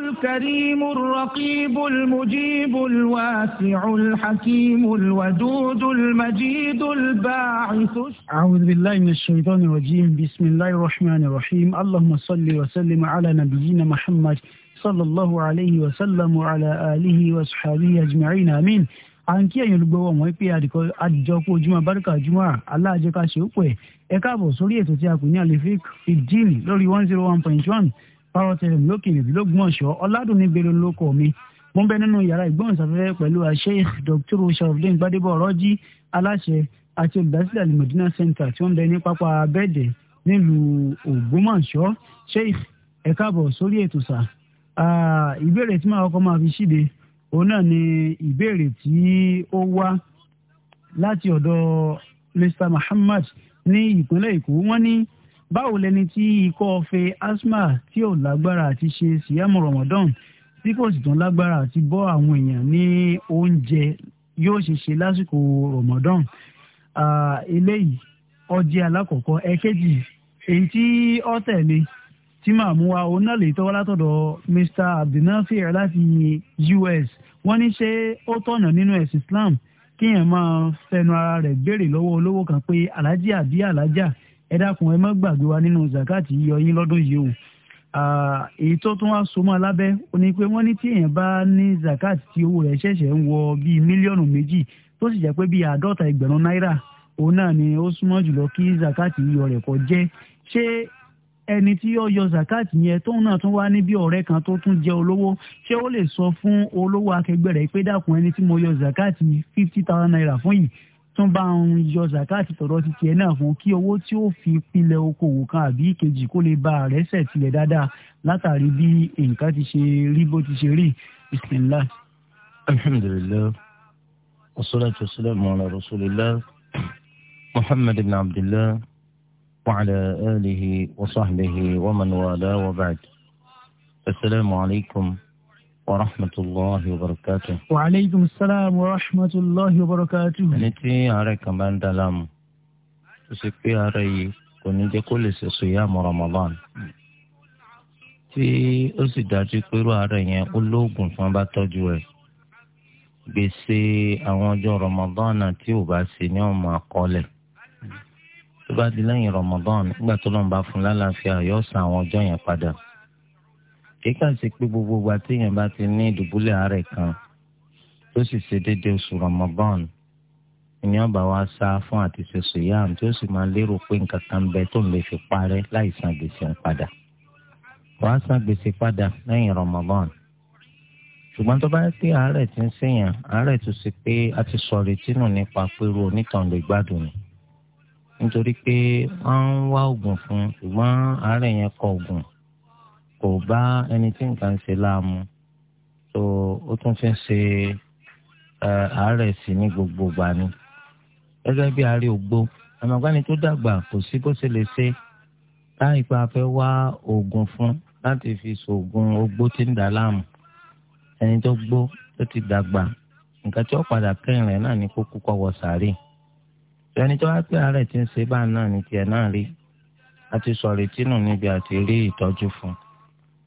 الكريم الرقيب المجيب الواسع الحكيم الودود المجيد الباعث أعوذ بالله من الشيطان الرجيم بسم الله الرحمن الرحيم اللهم صل وسلم على نبينا محمد صلى الله عليه وسلم وعلى آله وصحبه أجمعين آمين à ń kí ẹ̀yin olùgbọ́wọ́ wọn pé àdìjọ́pọ̀ ojúmọ́ bárúkà ojúmọ́ aláàjẹká ṣe ó pẹ́ ẹ káàbọ̀ sórí ètò tí a kò ní àlefik fìdíìnì lórí one zero one point one parrot fm lókè rèébi lógúnmọ̀ṣọ́ ọ̀làdùnní bèrè lóko mi mo ń bẹ nínú yàrá ìgbóhùnsáfẹ́fẹ́ pẹ̀lú sheikh dr sharafdin gbadebo ọ̀rọ́jì aláṣẹ àti olùdásílẹ̀ alimọ̀dínà center tí wọ́n ń bẹ ní pápá abẹ́ẹ̀dẹ̀ nílùú ògbómọ̀ṣọ́ sheikh ẹ káàbọ̀ sórí ètò sà ìbéèrè tí màá kọ́ máa fi ṣíde òun náà ni ìbéèrè tí ó wá láti ọ̀dọ̀ mr muhammad ní ìpínlẹ̀ èkó wọ́n ní báwo lẹni tí ikọ́ ọ̀fẹ́ asma tí ò lágbára àti ṣe síyàmù ramadan tí kò sì tún lágbára àti bọ́ àwọn èèyàn ní oúnjẹ yóò ṣe ṣe lásìkò ramadan eléyìí ọjẹ alákọ̀ọ́kọ́ ẹ̀kejì èyí tí ó tẹ̀lé tí màá mú wa òun náà lè tọ́wọ́ látọ̀dọ̀ mr abdulnafi láti us wọ́n ní ṣé ó tọ̀nà nínú ẹ̀sìn islam kíyàn máa fẹnu ara rẹ̀ béèrè lọ́wọ́ olówó kan pé alájà àbí alájà ẹ dákun ẹ má gbàgbé wa nínú zakati yíyọ yín lọ́dún yìí o èyí tó tún wá somọ́ alábẹ́ ó ní pé wọ́n ní tí èèyàn bá ní zakat tí owó rẹ̀ ṣẹ̀ṣẹ̀ ń wọ bíi mílíọ̀nù méjì tó sì jẹ́ pé bíi àádọ́ta ẹgbẹ̀rún náírà òun náà ni ó súnmọ́ jùlọ kí zakat yíyọ rẹ̀ kó jẹ́ ṣé ẹni tí yóò yọ zakat yẹn tóun náà tún wá ní bí kan tó tún jẹ́ olówó ṣé ó lè sọ fún olówó akẹgbẹ́ rẹ̀ pé dákun ẹni tí mo yọ zakat fifty thousand naira fún yìí tún bá ń yọ zakat tọ̀rọ̀ ti tiẹ̀ náà fún kí owó tí ó fi pilẹ̀ okòwò kan àbí ìkejì kó lè ba àrẹ́sẹ̀ tilẹ̀ dáadáa látàrí bí nǹkan ti ṣe rí bó ti ṣe rí bismillah. alhamdulilayi wasalaatu wasalaamu ala rasulillah muhammad bin abdillah wa ala alihi wa sahbihi wa man wala wa ba'd asalaamu alaykum. As ورحمة الله وبركاته وعليكم السلام ورحمة الله وبركاته ẹni tí ara kan bá ń da láàmú tó ṣe pé ara yìí kò ní jẹ́ kó lè ṣe sòyàmù Ramadan tí ó sì dájú pé irú ara yẹn ó lóògùn tí wọ́n bá tọ́jú rẹ̀ gbèsè àwọn ọjọ́ Ramadan tí ò bá ṣe ni wọ́n máa kọ́lẹ̀ tó bá di lẹ́yìn Ramadan nígbà tó lọ́n bá fún lálàáfíà yóò san àwọn ọjọ́ yẹn padà kíkà ṣe pé gbogbo ìgbà téèyàn bá ti ní ìdùbúlẹ̀ àárẹ̀ kan tó sì ṣe déédéé oṣù Ramadan ìní ọba wa sá fún àti ṣe sòyàm tí ó sì máa lérò pé nǹkan kan bẹ tó ń lè fi parẹ́ láì san gbèsè ń padà wàá san gbèsè padà lẹ́yìn Ramadan ṣùgbọ́n tó bá yẹ pé àárẹ̀ ti ń ṣèyàn àárẹ̀ tó ṣe pé a ti sọ̀rọ̀ tínú nípa pẹ̀lú onítàn lè gbádùn ni nítorí pé wọ́n ń wá oògùn fún ṣùgbọ́n àárẹ̀ yẹn kọ oògùn kò bá ẹni tí nǹkan ṣe láàmú tó ó tún fi ṣe àárẹ̀ sí ní gbogbo ìgbà ni gẹ́gẹ́ bí àárẹ̀ ògbó àmọ̀gbani tó dàgbà kò sí bó ṣe lè ṣe láì pa fẹ́ wá oògùn fún láti fi ṣoògùn ogbó tí ń dà láàmú ẹni tó gbó tó ti dàgbà nǹkan tí ó padà kẹrin rẹ̀ náà ní kó kúkọ wọ sàárè ẹni tó wá pé àárẹ̀ tí ń ṣe báà náà ní tiẹ̀ náà rí àti sọ̀rètí níbi àti rí ìtọ́jú fún un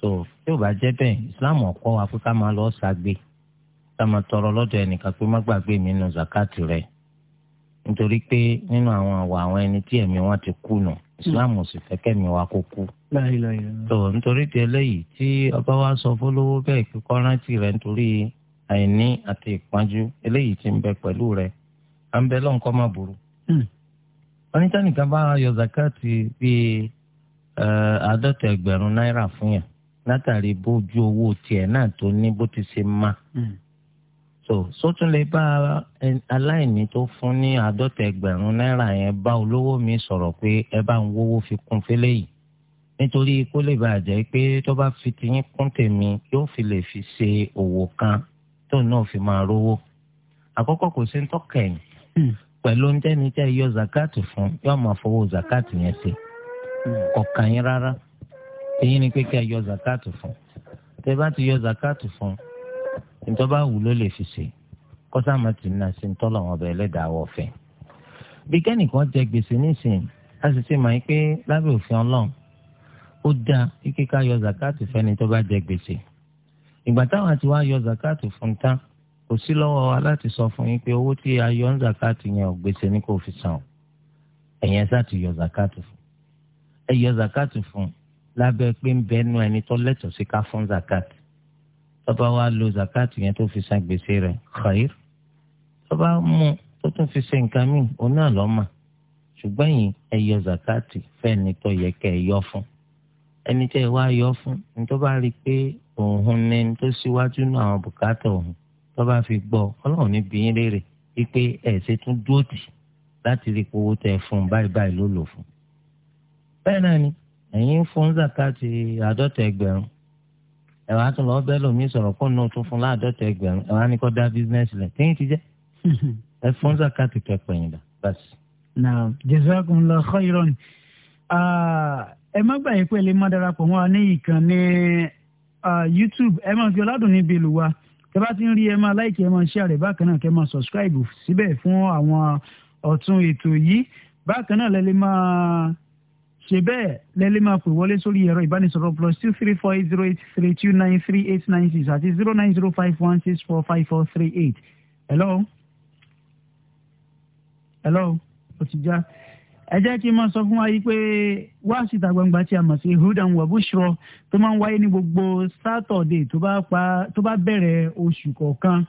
so tí bá jẹ́ bẹ́ẹ̀ islam ọ̀kọ́ wa pé máa lọ ṣàgbé ká máa tọrọ lọ́dọ̀ ẹnìkan pé má zakati rẹ nítorí pé nínú àwọn àwọ̀ àwọn ẹni tí ẹ̀mí wọn ti kú nù islam ò sì fẹ́ kẹ́mi wa kó kú. ti eléyìí tí ọba wa sọ fọlọ́wọ́ bẹ́ẹ̀ kí kọ́rántì rẹ̀ nítorí àìní ti ń bẹ pẹ̀lú rẹ̀ à ń bẹ lọ́nkọ́ má burú. Hmm. bá yọ zakati bíi eh, àádọ́ta látàrí bójú owó tiẹ̀ náà tó ní bó ti ṣe má. Hmm. so sótún lè bá aláìní tó fún ní àádọ́ta ẹgbẹ̀rún náírà yẹn bá olówó mi sọ̀rọ̀ pé ẹ bá ń wówó fi kún fẹ́lẹ́ yìí nítorí kó lè bàjẹ́ pé tó bá fi tiyín kún tèmi yóò fi lè fi ṣe òwò kan tóun náà fi máa rówó àkọ́kọ́ kò sí ń hmm. pẹ̀lú oúnjẹ ní tẹ́ yọ zakati fún yóò máa fowó zakati yẹn ṣe hmm. kọ̀ọ̀kan yín rárá èyí ni pé kí a yọ zakatu fún tẹ bá ti yọ zakatu fún ntọ́ bá wù ló lè fi ṣe kọ́sá máa ti nà sí ntọ́lọ̀ wọn bẹ̀rẹ̀ lẹ́dàá ọ̀fẹ́. bí kẹ́nìkan jẹ gbèsè nísìnyí a sì ti máa ń pé lábẹ́ òfin ọlọ́run ó dáa kíkẹ́ ká yọ zakatu fẹ́ni tó bá jẹ gbèsè. ìgbà táwọn àti wá yọ zakatu fún tán kò sí lọ́wọ́ wa láti sọ fún yín pé owó tí a yọ ń zakatu yẹn ò gbèsè ní kò fi san ẹ̀yẹn sá ti yọ zakatu fún ẹ yọ zakatu fún lábẹ́ pé ń bẹnu ẹni tó lẹ́tọ̀ọ́ sí ká fún zakat tó bá wá lo zakat yẹn tó fi san gbèsè rẹ̀ khair tó bá mú tó tún fi ṣe nǹkan míì òun náà lọ́ mà ṣùgbọ́n yìí ẹ yọ zakat fẹ́ni tó yẹ kẹ́ ẹ yọ fún ẹni tẹ́ ẹ wá yọ fún ní tó bá rí i pé òun ní tó síwájú náà àwọn bùkátà òun tó fi gbọ́ ọlọ́run ní yín léèrè wípé ẹ̀ ṣe tún dúró tì láti rí owó tẹ fún báyìí báyìí ló lò fún bẹ́ẹ̀ náà ni ẹ̀yin fún zakati àádọ́ta ẹgbẹ̀rún ẹ wàá tún lọ́ọ́ bẹ́ẹ̀ lómi sọ̀rọ̀ kó nù tún fún láàdọ́ta ẹgbẹ̀rún ẹ wàá ní kó dá bísínẹ́sì lẹ̀ kéyìn ti jẹ́ ẹ fún zakati kẹpẹ̀yìn dà báyìí. naam jazakumullahu khairan ẹ má gbàgbé pé lè má darapọ̀ mọ́ wa ní youtube ẹ máa fi ọ̀làdùn níbi ìlú wa tẹ bá ti ń rí ẹ máa láìkí ẹ máa share bákan náà kẹ máa subscribe síbẹ̀ fún àwọn ọ̀tún ètò yìí bákan náà lẹ lè máa ṣe bẹ́ẹ̀ lẹ́lẹ́ máa pè wọlé sórí ẹ̀rọ ìbánisọ̀rọ̀ plus two three four eight zero eight three two nine three eight nine six àti zero nine zero five one six four five four three eight. hello hello ó ti já ẹ jẹ́ kí n máa sọ fún wa yìí pé wáàsí ìta gbangba tí a mọ̀ sí hudan wabushro tó máa ń wáyé ní gbogbo sátọ̀dé tó bá bẹ̀rẹ̀ oṣù kọ̀ọ̀kan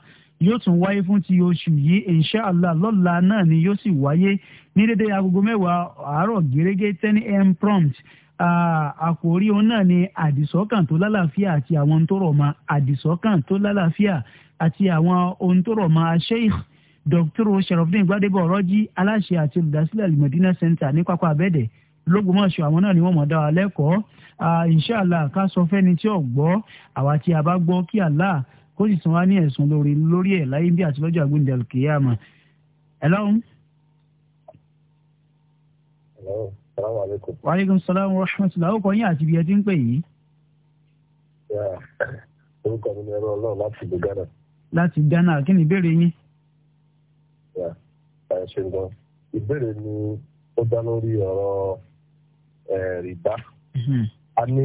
yóò tún wáyé fún ti oṣù yìí inshàlá lọ́la náà ni yóò sì wáyé ní dédé agogo mẹ́wàá àárọ̀ gẹ́gẹ́ ten am prompt àkòrí òun náà ni àdìsọ́kàn tó lálàáfíà àti àwọn ohun tó rọ̀ mọ́ àdìsọ́kàn tó lálàáfíà àti àwọn ohun tó rọ̀ mọ́ sheikh dr sharafdin gbadebo ọ̀rọ́jì aláṣẹ àti olùdásílẹ̀ alimọ̀dínà center ní pápá abẹ́dẹ̀ lógúnmọ̀ṣọ́ àwọn náà ni wọ́n mọ̀ dá wa lẹ́kọ̀ọ́ inshàlá ká sọ fẹ́ni tí ò gbọ́ àwa tí a bá gbọ́ kí Allah kó sì san wá ní ẹ̀sùn lórí lórí ẹ̀ láyé bí àti lọ́jọ́ àgbéǹde alkiyama. hello. salaamaleykum. waaleykum salaam wa rahmatulah ó kọ yín àti ibi ẹ ti ń pè yìí. orúkọ mi ni ẹrọ Ọlọ́run láti ìlú Ghana. láti Ghana kí ni ìbéèrè yín. ìbéèrè ni ó dá lórí ọ̀rọ̀ rìbá. Hmm. a ní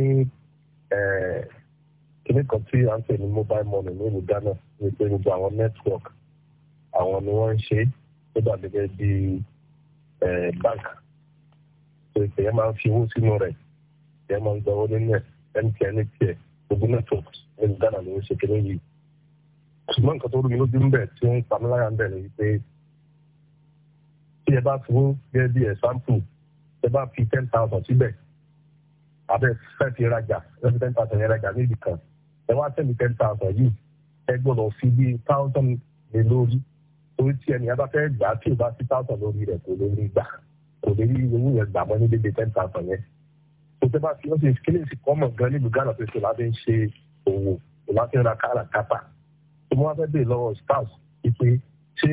kíní kan tí à ń pè ní mobile money ní ìlú Ghana ní pé gbogbo àwọn network àwọn ni wọ́n ń ṣe tó dà gẹ́gẹ́ bí e, bank tó ìpè yẹn máa ń fi owó sínú rẹ̀ yẹn máa ń gba owó nínú ẹ̀ e, MTN tiẹ̀ e, gbogbo network ní Ghana ni wọ́n ṣe kíní yìí ṣùgbọ́n nǹkan tó rú mi lójú ń bẹ̀ tí ó ń pamọ́ láyà ń bẹ̀ ni pé tí ẹ bá fowó gẹ́gẹ́ bí example ẹ bá fi ten thousand síbẹ̀ abẹ́ fẹ́ fi rajà ẹ fi ten thousand yẹn rajà níbi kan ẹ wá tẹ̀lé ten thousand yìí ẹ gbọ́dọ̀ fi bíi thousand lé lórí torí tí ẹnìyà bá fẹ́ gbà tí o bá fi thousand lórí rẹ̀ kò lè rí gbà kò lè rí owó yẹn gbà mọ́ ní dédé ten thousand yẹn tó tẹ́ bá fi wọ́n ṣe kílè sí kọ́mọ̀ gan nílùú Ghana tó ṣe láti ń ṣe òwò kò láti ń ra kára kápá tó wọ́n fẹ́ bèè lọ́wọ́ spouse wípé ṣé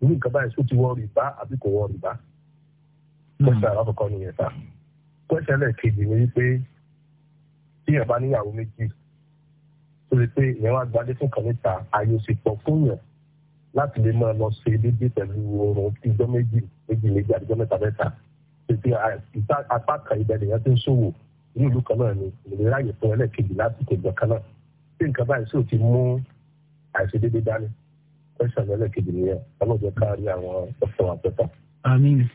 irú nǹkan báyìí sóò ti wọ́ rìbá àbí kò wọ́ rìbá pẹ́sẹ̀ hmm. alákọ̀ọ́kọ́ nìyẹn sá pẹ́sẹ̀ lẹ́ẹ̀kejì ni wípé tí ẹ̀ bá níyàwó méjì tó rí pé ìyẹn wá gbadé fún kan níta ayé ó sì pọ̀ fún yàn láti lè máa lọ ṣe dédé pẹ̀lú oorun ìjọ méjì méjì méjì àdìjọ mẹ́ta mẹ́ta tètè ìta apá kan ibẹ̀ nìyẹn tó ń ṣòwò ní ìlú kan náà ni ìlera yìí fún ẹlẹ́ẹ̀kejì láti tẹ̀gbọ́n kan náà tí nǹkan báyìí sì ti mú àìṣedédé dání pẹ́sàn ẹlẹ́ẹ̀kejì nìyẹn ọlọ́jọ́ kárí àwọn ọ̀fọ̀ àpẹta. àmín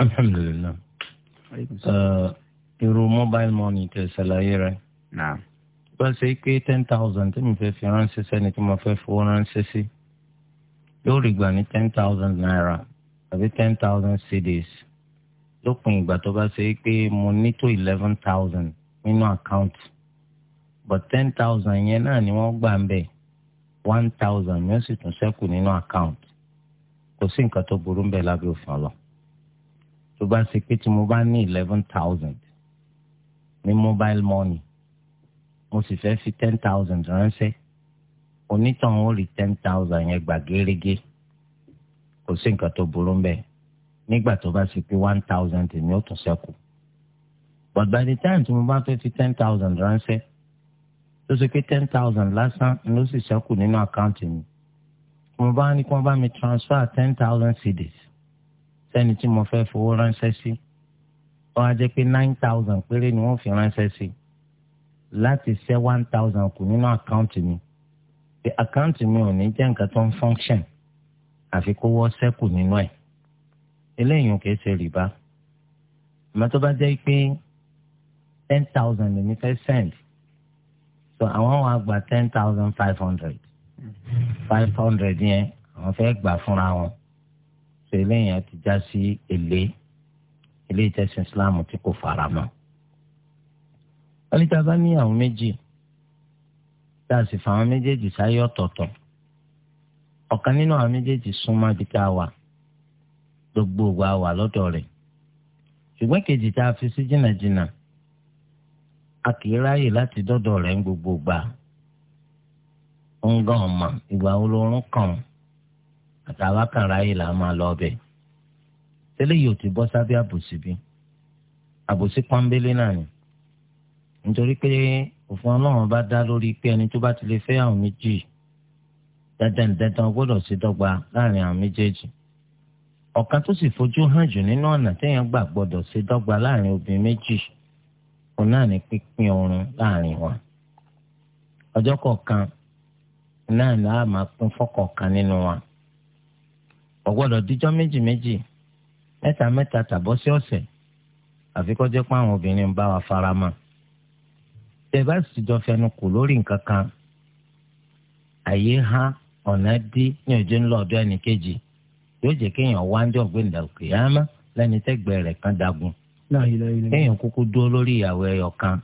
alhamdulilayi. Uh, irú mobile money tẹ ṣàlàyé rẹ. naam bá ṣe pé ten thousand tí mi fẹ́ fi ránṣẹ́ sẹ́ni tí mo fẹ́ fowó ránṣẹ́ sí yóò rí gbà ní ten thousand naira àbí ten thousand cedis lópin ìgbà tó bá ṣe pé mo ní tó eleven thousand nínú account. but ten thousand yẹn náà ni wọ́n gbà ń bẹ̀ one thousand yóò sì tún ṣẹ́kù nínú àkáǹtì kò sí nǹkan tó burú ń bẹ̀ lábẹ́ òfin ọlọ́ tó bá ṣe pé tí mo bá ní eleven thousand ní mobile money o sì fẹ́ fi ten thousand ránṣẹ́ onítàn ó rí ten thousand yẹn gbà gérégé kò sí nǹkan tó burú mbẹ nígbà tó bá sì pé one thousand ni ó tún ṣẹ́kù but by the time tí mo bá fẹ́ fi ten thousand ránṣẹ́ tó ṣe pé ten thousand lásán ni ó sì ṣẹ́kù nínú àkáǹtì mi mo bá ní kí wọ́n bá mi transfer ten thousand cedis sẹ́ni tí mo fẹ́ fowó ránṣẹ́ sí ó wá jẹ́ pé nine thousand péré ni wọ́n fi ránṣẹ́ sí láti ṣẹ́ one thousand kù nínú àkáǹtì mi The account mi ò ní jẹ́ nǹkan tó ń function àfi kó wọ́ ṣẹ́kù nínú ẹ̀ eléyìí kìí ṣe rìbá àmọ́ tó bá jẹ́ pé ten thousand lèmi fẹ́ send so àwọn wa gba ten thousand five hundred five hundred yẹn àwọn fẹ́ gbà fúnra wọn so eléyìí ti já sí èlé ilé ìtẹ̀sìn Islam tí kò fara mọ́ wọ́n ní tá a bá ní àwọn méjì tá a sì fa àwọn méjèèjì sáyé ọ̀tọ̀ọ̀tọ̀ ọ̀kan nínú àwọn méjèèjì súnmọ́ ibi tá a wà gbogbo wa wà lọ́dọ̀ rẹ̀ ṣùgbọ́n kejì tá a fi sí jìnnàjìnnà a kì í ráyè láti dọ́dọ̀ rẹ̀ gbogbo gbà ń ọ̀mà ìgbà olórun kàn àtàwọn kan ráyè là máa lọ ọbẹ̀ tẹ́lẹ̀ yìí ò ti bọ́ sábẹ́ àbòsí bí àbòsí pọ́nbélé náà ni nítorí pé òfin ọlọ́run bá dá lórí pé ẹni tó bá ti lè fẹ́ àwọn méjì dandan dandan gbọ́dọ̀ sí dọ́gba láàrin àwọn méjèèjì ọ̀kan tó sì fojú hàn jù nínú ọ̀nà téèyàn gbà gbọ́dọ̀ sí dọ́gba láàrin obìnrin méjì òun náà ní pínpín oorun láàrin wọn ọjọ́ kọ̀ọ̀kan náà là á pín fọ́kọ̀ọ̀kan nínú wọn ó díjọ́ méjì méjì mẹ́ta mẹ́ta tàbọ́ sí ọ̀sẹ̀ bá wa tẹ́ bá sì jọ fẹnu kò lórí nǹkan kan àyè há ọ̀nà dí ní òjò ńlọ ọ̀dọ̀ ẹnì kejì yóò jẹ́ kéèyàn wá ń jọ gbẹ̀ǹdà òkè ámá lẹ́ni tẹ́gbẹ̀ẹ́ rẹ̀ kan dagun kéèyàn kúkú dúró lórí ìyàwó ẹyọ kan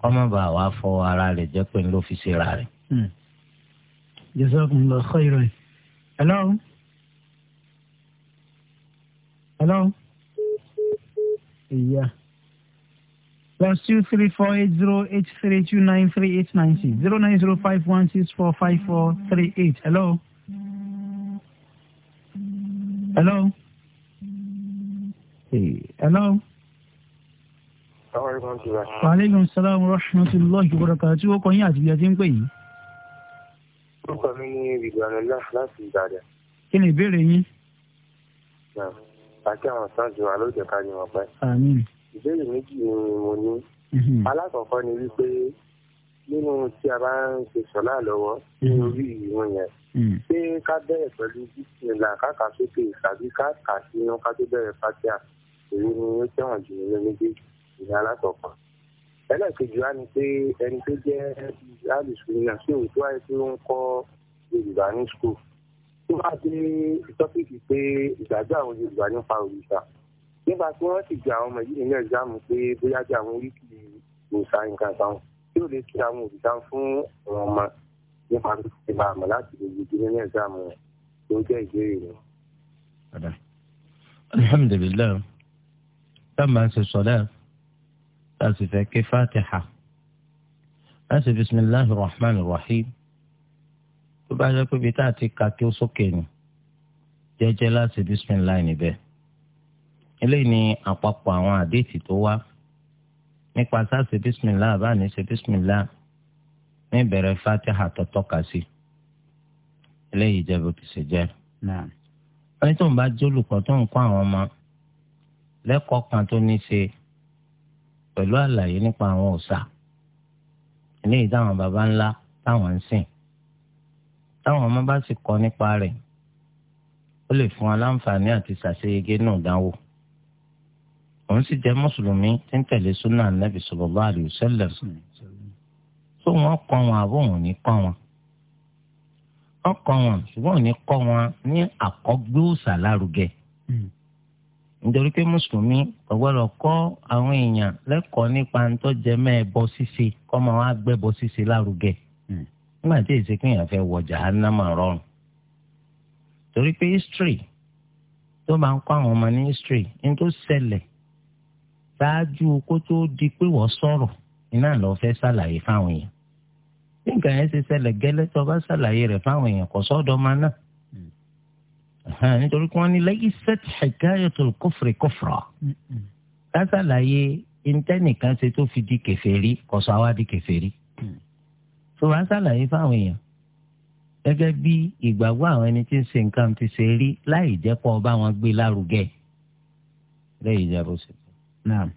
kọ́ má bàa fọ ara rẹ̀ jẹ́ pé ló fi ṣera rẹ̀. Hmm. jazakumullahu khairan. hello. hello. ìyá. Yeah plus two three four eight zero eight three two nine three eight nine six zero nine zero five one six four five four three eight. Hello. Hello. Hey. Hello. Wàhálẹ́gùn sálàmù rahmatullahi wa barakatuh ó kọ́ yín àti bí a ti ń pè yìí. Orúkọ mi ní Ìgbàlélá láti Ìbàdàn. Kí ni ìbéèrè yín? Àti àwọn sáájú wa ló jẹ́ ká ní wọn pẹ́. Àmín ìbéèrè méjì ni mo ní. Mhm. alákọ̀ọ́kọ́ ni wípé nínú tí a bá ń ṣe sọ́lá lọ́wọ́ nínú mhm. orí ìwọ̀n yẹn mhm. ṣé ká bẹ̀rẹ̀ pẹ̀lú bísíńlá káka sókè tàbí káka sí iná ká tó bẹ̀rẹ̀ fátíà èyí ni ó tẹ̀wọ̀n jù nínú méjèèjì ìyẹn alákọ̀ọ́kọ́. ẹlẹ́ẹ̀kejì wá ni pé ẹni tó jẹ́ alùsùn náà sí òun tó wáyé tí ó ń kọ́ yorùbá ní skul tó bá dé tọ́pìkì pé ìgbàgbọ́ àwọn yorùbá nípa òrìṣà nígbà tí wọ́n sì gba àwọn ọmọ yìí nínú ẹ̀gbáàmù pé bóyá bí àwọn oríkì òòṣà nǹkan kan tí ò lè kí àwọn òrìṣà fún àwọn ọmọ nípa ìgbà àmọ́ láti lè yege nínú ẹ̀gbáàmù tó jẹ́ ìbéèrè rẹ̀. alhamdulilayi tá a máa ṣe sọlá tá a sì fẹ́ ké fatiha a sì bisimilahi rahman rahim tó bá yẹ kó bí tá a ti ka kí ó sókè ni jẹ́jẹ́ láti bisimilahi níbẹ̀ eléyìí ni àpapọ̀ àwọn àdéhìtì tó wá nípa sáàsì bísímìlá àbáàní ṣe bísímìlá ní ìbẹ̀rẹ̀ fatiha tó tọ́ka sí eléyìí jẹ́ bó ti ṣe jẹ́. ẹni tó ń bá jólùkọ́ tó ń kọ́ àwọn ọmọ lẹ́kọ̀ọ́ kan tó ní ṣe pẹ̀lú àlàyé nípa àwọn òòṣà eléyìí táwọn baba ńlá táwọn ń sìn táwọn ọmọ bá sì kọ́ nípa rẹ̀ ó lè fún wa láǹfààní àti ṣàṣeyege náà dánwò òun sì jẹ́ mùsùlùmí tí ń tẹ̀lé súnà nàbì sallallahu alaihi tó wọ́n kọ́ wọn àbọ̀ wọn ní kọ́ wọn. wọ́n kọ́ wọn ṣùgbọ́n lárugẹ. Hmm. nítorí pé mùsùlùmí kọ́ àwọn èèyàn lẹ́kọ̀ọ́ nípa jẹ kọ́ máa wá lárugẹ. Hmm. nígbà tí èsì pé èèyàn ṣáájú kó tó di pé wọ́n sọ̀rọ̀ iná lọ fẹ́ ṣàlàyé fáwọn èèyàn bí nǹkan yẹn ṣe ṣẹlẹ̀ gẹ́lẹ́ tó bá ṣàlàyé rẹ̀ fáwọn èèyàn kò sọ́dọ̀ máa náà nítorí wọ́n ní lẹ́yìn sẹ́tì hikayatul kufri kufra ká ṣàlàyé intanẹ̀kan ṣe tó fi di kèfèrí kò sọ àwa di kèfèrí tó bá ṣàlàyé fáwọn èèyàn gẹ́gẹ́ bí ìgbàgbọ́ àwọn ẹni tí ń ṣe nǹkan ti ṣe rí láì jẹ́ pọ̀ bá wọn gbé lárugẹ lẹ́yìn ìjà bó ṣe. Now,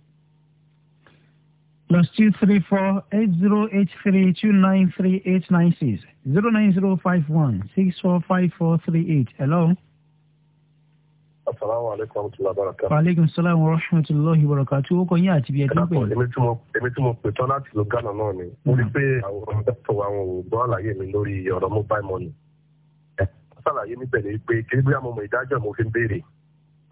plus two three four eight zero eight three two nine three eight nine six zero nine zero five one six four five four three eight. hello. asalaamu aleykum wa rahmatulahi wa salaam wa rahmatulahi wa barakatu. o kò yín àti bí ẹ ti ń pè. èmi tí mo pè tán láti náà ni. mo rí i pé àwọn ẹ̀fọ́ àwọn ò gbọ́ àlàyé mi lórí ọ̀rọ̀ mobile money. ẹ ṣàlàyé níbẹ̀ ni pé kí ni bí àwọn ọmọ ìdájọ́ mo fi ń béèrè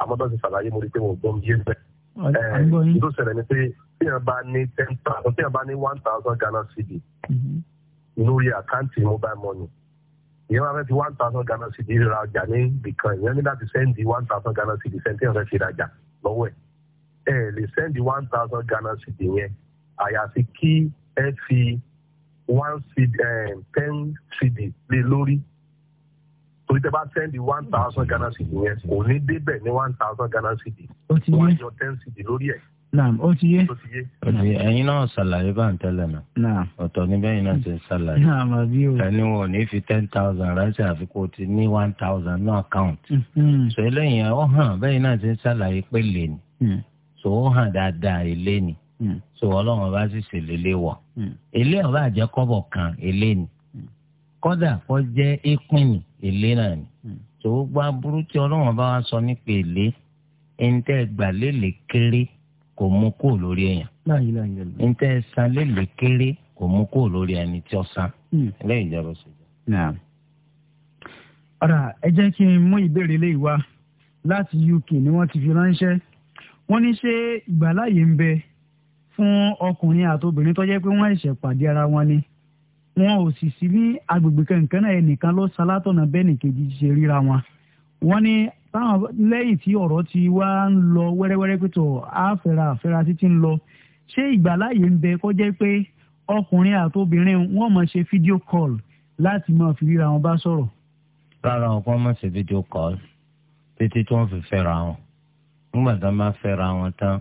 àmọ́ ti ṣàlàyé mo rí i mo gbọ́ mi yé bẹ́ẹ̀. Eh, tó ṣẹlẹ̀ ni pé tí yẹn bá ní ten thousand tí yẹn bá ní one thousand Ghana cd lórí mm-hmm. àkáǹtì mobile money ìyẹn wàá fẹ́ fi one thousand Ghana cd ra ọjà ní bìkan ìyẹn ní láti sẹ́ndì one thousand Ghana cd sẹ́ńtì yẹn fẹ́ fi rajà lọ́wọ́ ẹ̀ ẹ lè sẹ́ndì one thousand Ghana cd yẹn àyàfi kí ẹ fi one cd eh, ten cd lé lórí torí tẹ bá sẹ́ndì one thousand Ghana cedi yẹn kò ní débẹ̀ ní one thousand Ghana cedi wọ́n yọ ten cedi lórí ẹ̀. Naam, ó ti yé. Ó ti yé. Ẹ̀yin náà ṣàlàyé bá ń tẹ́lẹ̀ náà. Naam. Ọ̀tọ̀ ni bẹ́yìn náà ti ṣàlàyé. Naam, àbí o. Ẹni wọn ò ní fi ten thousand ránṣẹ́ àfi kó o ti ní one thousand no account. Mm-hmm. Sọ eléyìí ó hàn bẹ́yìn náà ti ṣàlàyé pé lè ní. Mm. Sọ ó hàn dáadáa èlé ni. Mm. Sọ ọlọ́run ọba sì ṣèlélé wọ̀. Mm. Èlé ọba àjẹkọ́bọ̀ kan èlé ni kọ́dà kọ́ jẹ́ ìpínì èlé náà ni tó hmm. gbogbo aburú tí ọlọ́run bá wa sọ nípa èlé ẹ̀ńtẹ́ gbà lélẹ̀ kéré kò mú kó lórí èèyàn ẹ̀ńtẹ́ san lélẹ̀ kéré kò mú kó lórí ẹni tí ó san hmm. lẹ́yìn ìjọba ṣèjọba. ọ̀rà ẹ jẹ́ kí n mú ìbéèrè lè wá láti UK ni wọ́n ti fi ránṣẹ́ wọ́n ní ṣé ìgbàláyè ń bẹ fún ọkùnrin àtobìnrin tó jẹ́ pé wọ́n ṣẹ̀ṣẹ̀ pàdé ara wọn ni wọn ò sì sí ní agbègbè kankan náà ẹnìkan lọ salátọ̀nà bẹ́ẹ̀ nìkejì ṣe ríra wọn wọn ní táwọn lẹ́yìn tí ọ̀rọ̀ ti wá ń lọ wẹ́rẹ́wẹ́rẹ́ pé tó àfẹ́ra àfẹ́ra títí ń lọ ṣé ìgbàláyè ń bẹ kó jẹ́ pé ọkùnrin àtobìnrin wọn máa ṣe fídíò kọ́ọ̀lù láti máa fi ríra wọn bá sọ̀rọ̀. rárá wọn kọ́ máa ṣe fídíò kọ́ọ̀lù títí tí wọ́n fi fẹ́ra wọn nígbà tí wọ́n bá fẹ́ra wọn tán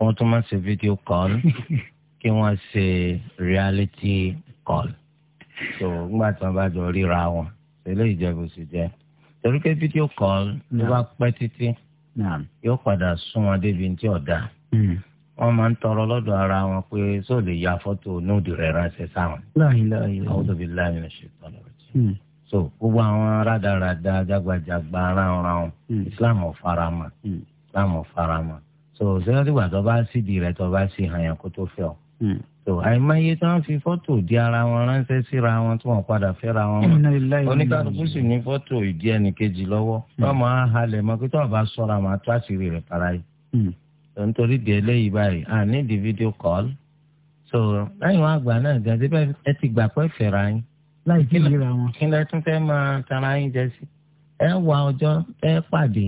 wọ́n tún máa ṣe fídíò kọ́ọ̀lù kí wọ́n ṣe reality call, so nígbà tí wọ́n bá jọ ríra wọn eléyìí jẹ́ bó ṣe jẹ́ torí pé fídíò kọ́ọ̀lù ló bá pẹ́ títí yóò padà sún wọn débi tí ọ̀dà hmm. wọ́n máa ń tọrọ lọ́dọ̀ ara wọn pé sóò lè ya fọ́tò nóòdù rẹ̀ ránṣẹ́ sáwọn. àwọn tóbi láàyè ló ṣe tọ́lọ̀ rẹ̀ so gbogbo àwọn rádaràda jágbajàgba ránranran hmm. Islam ò fara mọ́ hmm. Islam ò fara mọ́ so ṣé wọ́n ti gbà tó bá sídìí rẹ̀ tó bá sí hàn yẹn kó tó fẹ́ ọ. Hmm. so àìmọye tí wọ́n fi fọ́tò di ara wọn ránṣẹ́ síra wọn tí wọ́n padà fẹ́ra wọn mọ́ oníkàlùkù sì ní fọ́tò ìdí ẹnìkejì lọ́wọ́ hmm. wọ́n máa ń halẹ̀ mọ́ pé tí wọ́n bá sọ́ra máa tó àṣírí rẹ̀ para yìí hmm. nítorí di eléyìí báyìí à ní di video call so lẹ́yìn wọn àgbà náà gàdé bẹ́ẹ̀ ẹ ti gbà pé fẹ́ra yín láì kí lè kí lè tún fẹ́ máa tara yín jẹ sí ẹ wà ọjọ́ ẹ pàdé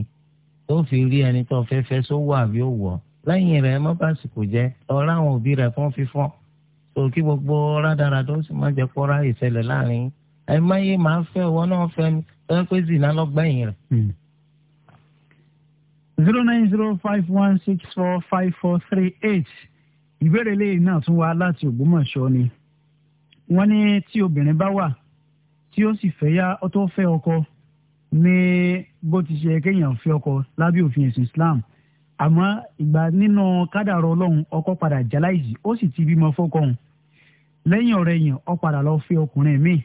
tó fi rí ẹni tó fẹ́ fẹ́ sówó àbí òwò lẹ́yìn rẹ̀ má bá sìkò jẹ́ ọ̀rọ̀ àwọn òbí rẹ̀ fún fífọ́ tó kí gbogbo rádaràdó sì má jẹ́ kó ráyè láàrin ẹ má yé màá fẹ́ ìwọ náà fẹ́ mi lọ́wọ́ pé zina lọ́gbẹ̀yìn rẹ̀. Hmm. zero nine zero five one six four five four three eight ìbéèrè lẹ́yìn náà tún wá láti Ògbómọ̀ṣọ́ ni wọ́n ní tí obìnrin bá wà tí ó sì fẹ́ yá ó tó fẹ́ ọkọ ní bó ti ṣe kéèyàn fẹ́ ọkọ lábẹ́ òfin ẹ̀sìn Islam. àmọ́ ìgbà nínú kádàrọ̀ ọlọ́run ọkọ padà jàláìsì ó sì ti bímọ fọ́kọ̀hún lẹ́yìn ọ̀rẹ́ yẹn ó padà lọ fẹ́ ọkùnrin míì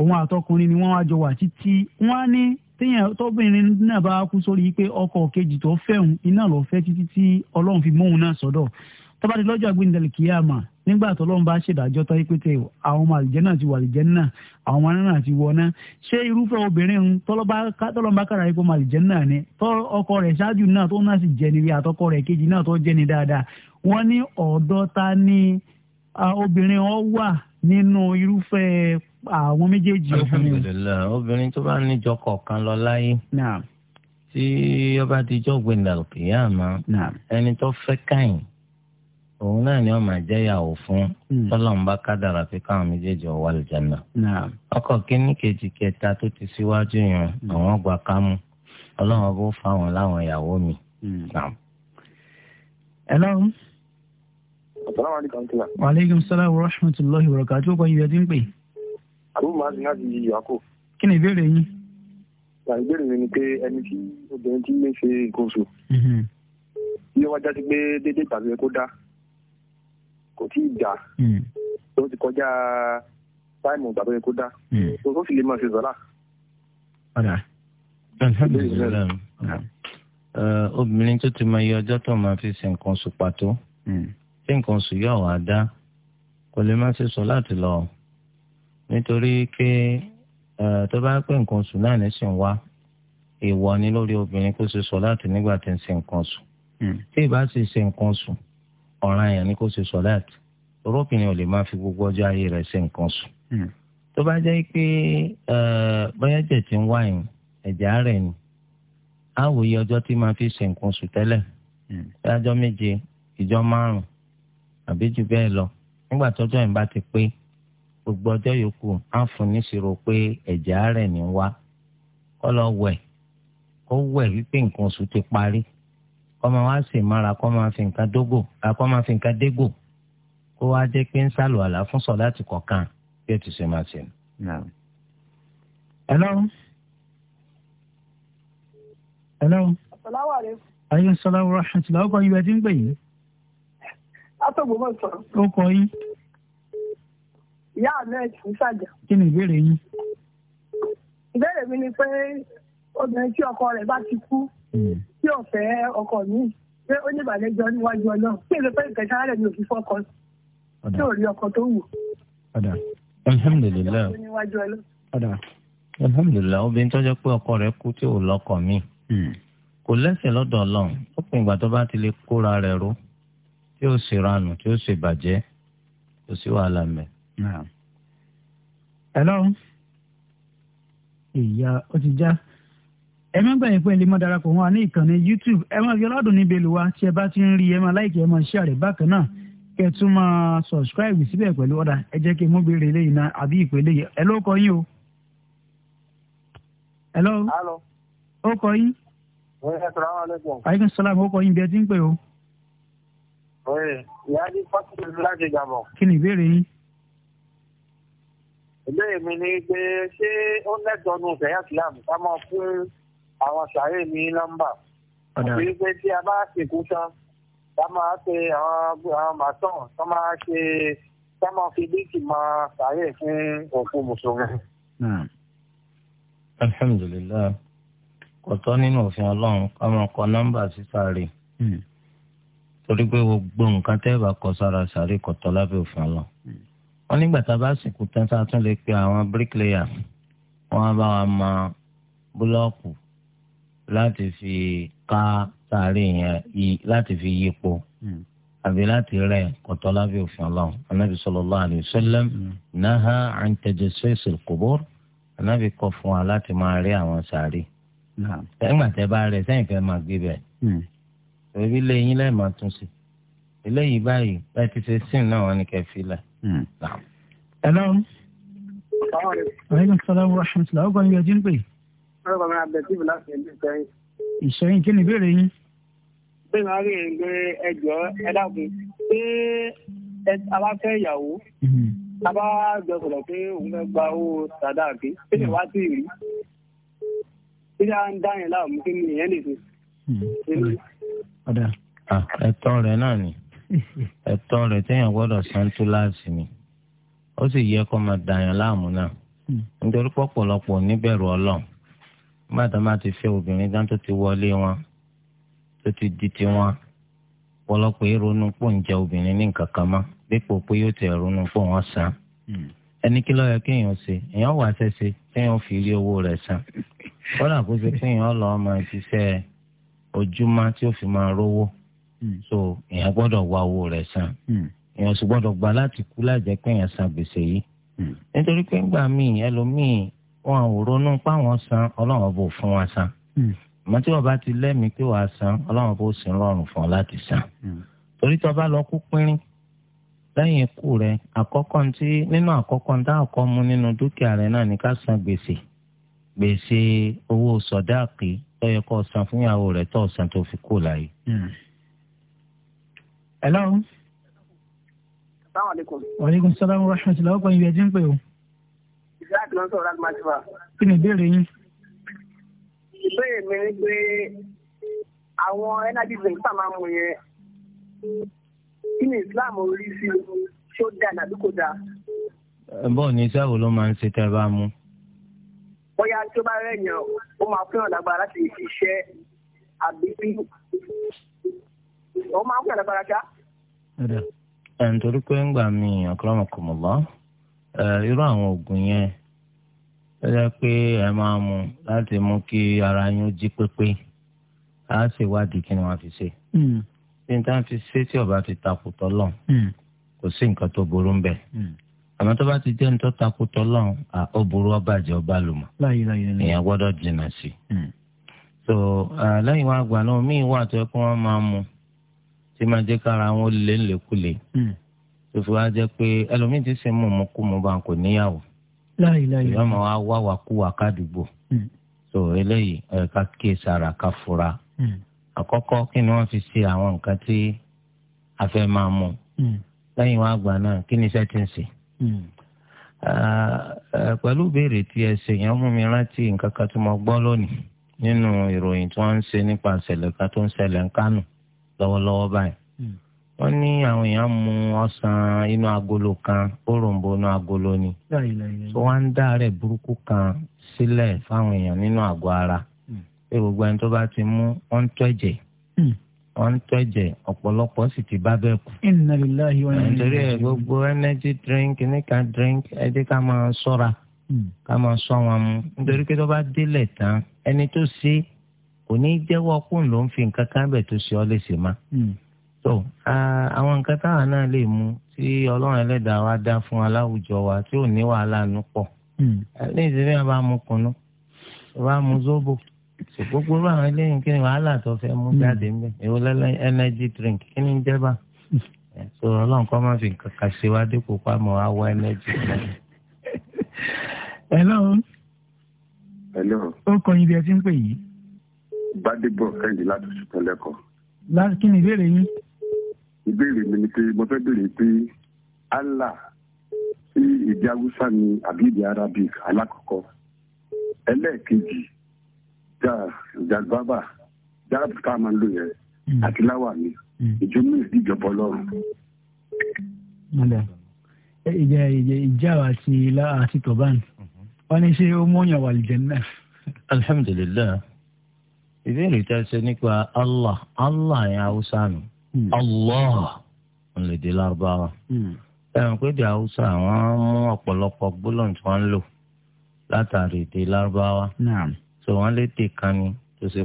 òun àtọkùnrin ni wọ́n wá jọ wà títí wọ́n á ní téèyàn tóbìnrin náà bá kú sórí pé ọkọ kejì tó fẹ́hùn iná lọ fẹ́ títí tí ọlọ́run fi móhun náà sọ́dọ̀ tó lọ́jọ́ àgbéǹdẹ̀lẹ̀ nígbà tó lọ́n bá ṣèdájọ́ tó yí pété àwọn ọmọ àlìjẹ́nà ti wà àlìjẹ́nà àwọn ọmọ náà ti wọná ṣé irúfẹ́ obìnrin ń tọ́lọ́n bá kára ipò ọmọ àlìjẹ́nà ni tọ́ ọkọ rẹ̀ ṣáájú náà tó náà sì jẹni rí àtọkọ rẹ̀ kejì náà tó jẹni dáadáa wọ́n ní ọ̀dọ́ ni obìnrin ọ wà nínú irúfẹ́ àwọn méjèèjì ọkùnrin. obìnrin tó bá níjọ kọ̀ọ̀kan lọ òun náà ni wọn máa jẹ ìyàwó fún hmm. tọlọmùbá kádàrà pé káwọn méjèèjì ọwọ àlùjáná. ọkọ kínní kejì kẹta tó ti síwájú yẹn hmm. àwọn gba kámú Ọlọ́run bó fáwọn láwọn ìyàwó mi. ẹ hmm. lọ́run. wa aleykum salaam wa rahmatulahi wa barakatuh ó kọ́ ibi ẹtí ń pè. àbúrò máa ń sin àkó. kí ni ìbéèrè yín. ìbéèrè mi ni pé ẹni tí obìnrin ti ń ṣe nǹkan oṣù. bí wọ́n já sí pé déédéé tàbí ẹ dá kò tí ì dá tó hmm. ti kọjá táìmù ìgbà tó yẹ kó dá tó hmm. fi lè máa ṣe sọ́lá. Uh, obìnrin tó ti máa yọ ọjọ́ tó máa fi ṣe nǹkan oṣù pàtó hmm. tí nǹkan oṣù yóò wá dá kò lè má ṣe sọ láti lọ nítorí pé uh, tó bá pẹ́ nǹkan oṣù náà nísìn wá èèwọ̀ ni lórí obìnrin kó ṣe sọ láti nígbà tí ń ṣe nǹkan oṣù tí ì bá sì ṣe nǹkan oṣù ọ̀ràn yẹn ni kó ṣe sọ̀láàt orókìnrin ò lè máa fi gbogbo ọjọ́ ayé rẹ̀ ṣe nǹkan sùn. Hmm. tó bá jẹ́ pé bóyá ẹ̀jẹ̀ ti ń wá ẹ̀jẹ̀ rẹ̀ ni á wòye ọjọ́ tí máa fi ṣe nǹkan sùn tẹ́lẹ̀ ẹjọ́ hmm. méje ìjọ márùn-ún àbí jù bẹ́ẹ̀ lọ nígbà tọ́jọ́ yìí bá ti pé gbogbo ọjọ́ yòókù á fún níṣirò pé ẹ̀jẹ̀ rẹ̀ ni wá kó lọ wẹ̀ kó wẹ̀ wípé nǹkan oṣù ti parí kọ́ máa wá sì mára kọ́ máa fi nǹkan dógò kọ́ máa fi nǹkan dégò kó wá dé pé ń sálò àlá fún sọ láti kọ̀ọ̀kan bí o ti ṣe máa ṣe. hello. hello. salaamaleykum. ayé sọláwó rahmatulah ọkọ yìí bẹ́ẹ̀ ti ń gbè yín. látọ̀gbọ́n mọ̀ sọ̀rọ̀. ó kọ yín. ìyá ahmed ń ṣàjà. kí ni ìbéèrè yín. ìbéèrè mi ni pé obìnrin tí ọkọ rẹ̀ bá ti kú hmm. tí ò fẹ́ ọkọ mi pé ó ní ìbàlẹ́jọ́ níwájú ọlọ́run tí èmi pé ìkẹta rẹ̀ mi ò fi fọ́kọ tí ò rí ọkọ tó wù. alhamdulilayi alhamdulilayi obìnrin tó jẹ́ pé ọkọ rẹ̀ kú tí ò lọ́kọ mi hmm. kò lẹ́sẹ̀ lọ́dọ̀ ọlọ́run ó pin ìgbà tó bá ti lè kóra rẹ̀ ró tí ó sì ranù tí ó sì bàjẹ́ kò sí wàhálà mẹ́. hello ìyá ó ti já ẹ má gbàgbé pé ẹlẹ́mọ̀ darapọ̀ wọn ní ìkànnì youtube ẹ máa fi ọlọ́dún níbi èlò wa tí ẹ bá ti ń rí ẹ máa láìkí ẹ máa share rẹ̀ bákan náà kẹ tún máa subscribe síbẹ̀ pẹ̀lú ọ̀dà ẹ jẹ́ kí n mú béèrè eléyìí náà àbí ìpele yìí ẹ ló kọ yín o. hello. hello. ó kọ yín. aleykum salaam ó kọ yín bí ẹ ti ń pè o. ìyá ní fásitì láti jàbọ̀. kí ni ìbéèrè yín ìbéèrè mi ni pé ṣé ó lẹ́tọ̀ọ́ nu àwọn sàárè ní nọ́mbà àti pé tí a bá sìnkú tán ká máa ṣe àwọn màtàn ká máa ṣe ká máa fi bíkì máa sàárè fún òkú mùsùlùmí. Hmm. alhamdulilayi kò tọ́ nínú òfin ọlọ́run ká máa kọ nọ́mbà sí sàárè hmm. torí pé gbogbo nǹkan tẹ́ ẹ bá kọ sára sàárè kò tọ́ lábẹ́ òfin ọlọ́run hmm. wọ́n nígbà tá a bá sìnkú tán tá a tún lè pe àwọn bíríkìlẹ́yà wọ́n á bá wa mọ búlọ́ọ̀kù láti fi ká sáré yẹn láti fi yípo hmm. àbí láti rẹ kọtọ lábẹ́ òfin Ọlọ́run anabi sallallahu alayhi wa sallam hmm. naha an tajassus al-qubur anabi kọ̀ fún wa láti máa rí àwọn sáré ẹgbà tẹ bá rẹ sẹ́yìn fẹ́ máa gbé bẹ́ẹ̀ hmm. ebi lẹ́yìn lẹ́yìn máa tún sí eléyìí báyìí báyìí ti ṣe sìn náà wọn ni kẹ́ fi lẹ. ẹ lọ́run. aleykum salaam wa rahmatulah ọgbọ́n yóò dín pé orúkọ mi abdulkif láti ìlú ìṣẹ́yìn. ìṣẹ́yìn kí ni ìbéèrè yín. pé màá rí i pé ẹ jọ ẹ dákun pé a bá fẹ́ ìyàwó mm-hmm. a bá jọ sọ̀rọ̀ pé òun fẹ́ gba owó sàdáàkì kí ni mm-hmm. wàá sì rí kí ni à ń dá yẹn láàmú kí ni ìyẹn lè fi. Mm-hmm. ọ̀dà ẹ̀tọ́ rẹ̀ náà ni ẹ̀tọ́ rẹ̀ téèyàn gbọ́dọ̀ san tó láàsì ni ó sì yẹ kó máa dàyàn láàmú náà nítorí pọ̀pọ̀lọpọ̀ níbẹ̀rù ọlọ́run mádàmá ti fẹ́ obìnrin dán tó ti wọlé wọn tó ti di ti tiwọn pọ̀lọpọ̀ ìrònú pò ń jẹ obìnrin ní nǹkan kan mọ́ dípò pé yóò tẹ ìrònú pò wọn san hmm. ẹni kí lọ́ọ́ yẹ kéèyàn ṣe èèyàn wà sẹ́sẹ́ kéèyàn fi rí owó rẹ̀ san kọ́dà kó ṣe kéèyàn lọ́ọ́ máa ṣiṣẹ́ ojúmọ́ tí ó fi máa rówó hmm. so èèyàn gbọ́dọ̀ wá owó rẹ̀ san hmm. èèyàn sì gbọ́dọ̀ gbà láti kú láì jẹ́ kéèyàn san gbèsè yìí nítorí pé ńgbà wọn ò ronú páwọn san ọlọ́run bò fún wa san hmm. àmọ́ tí wọ́n bá ti lẹ́mìí pé wàá san ọlọ́run bó sì ń rọrùn fún ọ láti san hmm. torí tí wọ́n bá lọ kú pínrín lẹ́yìn ikú rẹ àkọ́kọ́ tí nínú àkọ́kọ́ tá àkọ́ mu nínú dúkìá rẹ náà ní ká san gbèsè gbèsè owó sọ̀dáàkì tó yẹ kó san fún ìyàwó rẹ tó san tó fi kú láyé. Hmm. ẹ lọ́run. salaamaleykum. waaleykum salaam wa rahmatulah ọkọ ìyẹn jẹ́ ń pè o isaac kí ni ìbéèrè yín. ìbéèrè mi ni pé àwọn energy drink tá a máa mú yẹn kí ni islam rí sí ṣé ó dáa nàbí kò dáa. bọ́ọ̀ ní iṣẹ́ wo máa ń ṣe tẹ́ ẹ bá mú. bóyá tí ó bá rẹ̀yàn ó máa fẹ́ràn lágbára láti ṣiṣẹ́ àbí bí ó máa ń fẹ́ràn lágbára ká. ẹ̀ ń torí pé ń gbà mí ọ̀kọ́rọ̀mọ̀kọ̀mọ̀ lọ́wọ́ irú àwọn oògùn yẹn ó jẹ́ pé ẹ máa mú láti mú kí ara yín jí pépé á ṣèwádìí kí ni wọ́n fi ṣe. Hmm. bí n tá fi ṣe tí ọba ti takò tọ́lọ̀ hmm. kò sí nǹkan tó burú ń bẹ̀. Hmm. àmọ́ tó bá ti jẹ́ ní tó takò tọ́lọ̀ ó burú ọba jẹ́ ọba lùmọ̀ èèyàn gbọ́dọ̀ jìnnà sí i. so lẹ́yìn wá àgbà náà míì wà tó yẹ kó wọ́n máa mú tí máa jẹ́ kára wọn lé lékulè. tó fi wá jẹ́ pé ẹlòmíì ti ṣe mú mu kú mu bá ń kò níyàwó ìyá ọmọ wa wá wa kú wa kádùgbò tó hmm. eléyìí ẹ̀ka kíyèsí ara ká fura hmm. àkọ́kọ́ kí ni wọ́n fi ṣe àwọn nǹkan tí a fẹ́ máa mú hmm. lẹ́yìn wá gbà náà kí ni iṣẹ́ ti ń ṣe pẹ̀lú béèrè tí ẹ ṣe yẹn mú mi rántí nǹkan kan gbọ́ lónìí nínú ìròyìn tí wọ́n ń ṣe nípa ìṣẹ̀lẹ̀ kan tó ń ṣẹlẹ̀ ń lọ́wọ́lọ́wọ́ báyìí wọ́n ní àwọn èèyàn mu ọsàn inú agolo kan òròǹbó inú agolo ni tó wá ń dá rẹ̀ burúkú kan sílẹ̀ fáwọn èèyàn nínú àgọ́ ara hmm. pé gbogbo ẹni tó bá ti mú wọ́n ń tọ́ ẹ̀jẹ̀ hmm. wọ́n ń ẹ̀jẹ̀ ọ̀pọ̀lọpọ̀ sì ti bá bẹ́ẹ̀ kú. nítorí ẹ̀ gbogbo energy drink níka drink ká máa hmm. ká máa sọ wọn mu nítorí pé tó bá délẹ̀ tán ẹni tó ṣe kò so àwọn nǹkan táwọn náà lè mú tí ọlọ́run ẹlẹ́dàá wa dá fún wa láwùjọ wa tí ò ní wàhálà nù pọ̀ hmm. ní ìsinmi àbá mu kùnú àbá mu zobo gbogbo àwọn eléyìí kí ni wàhálà tó fẹ́ mú hmm. jáde ń bẹ̀ èwo lẹ́lẹ́ energy drink kí ni ń jẹ́ bá so ọlọ́run kọ́ máa fi kàkà ṣe wá dípò pa mọ́ àwọ energy drink. hello. hello. ó kọ ibi ẹ ti ń pè yìí. gbadebo kẹ́yìn láti ṣùkọ́ lẹ́kọ̀ọ́. láti kí ni ìbéèrè yín ìbéèrè mi ni pé mo fẹ́ béèrè pé allah sí èdè haúsá ni àbí èdè arabic alákọ̀ọ́kọ́ ẹlẹ́ẹ̀kejì jàgbábà jáàbù tá a máa ń lò yẹn hmm. àti láwà ni hmm. ìjọba ìdíjọba ọlọ́run. ìjà ìjà ìjà àti ilá àti tọ́bán mhm. wọn ní ṣé ó mọ̀yàn wà lìjẹ̀ náà. alhamdulilayi ìbéèrè tá a ṣe nípa allah allah yẹn haúsá nù. Hmm. allah olùdí lárúbáwá hmm. ẹ̀rùn pé haúsá ọ̀pọ̀lọpọ̀ gbólóhùn tí wọ́n ń lò látàrí èdè lárúbáwá lè tè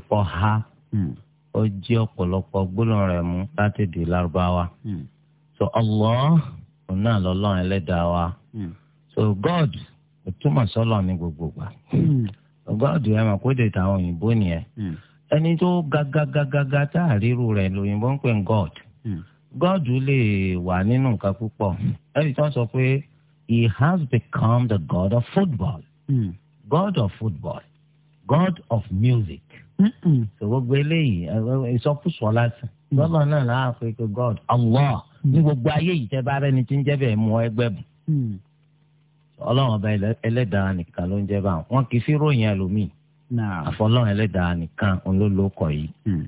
tó hmm. ọ̀pọ̀lọpọ̀ gbólóhùn rẹ̀ mú láti èdè lárúbáwá allah ẹlẹ́dàá wa god sọ́lọ̀ gbà god ẹ̀ ẹni tó gagagagaga tá a ríru rẹ̀ lóyìnbó ń pè ń god hmm. god lè wà nínú nǹkan púpọ̀ ẹni tó sọ pé he has become the god of football hmm. god of football god of music hmm. so gbogbo eléyìí ìsọkúsọ láti lọ́lọ́ náà láà pé pé god allah ní gbogbo ayé yìí tẹ́ bá rẹni tí ń jẹ́ bẹ́ẹ̀ mú ẹgbẹ́ bù ọlọ́run ọba ẹlẹ́dàá nìkan ló ń jẹ́ bá wọn kì í fi ròyìn ẹlòmíì àfọlọ́run ẹlẹ́dàá nìkan olólùkọ yìí hmm.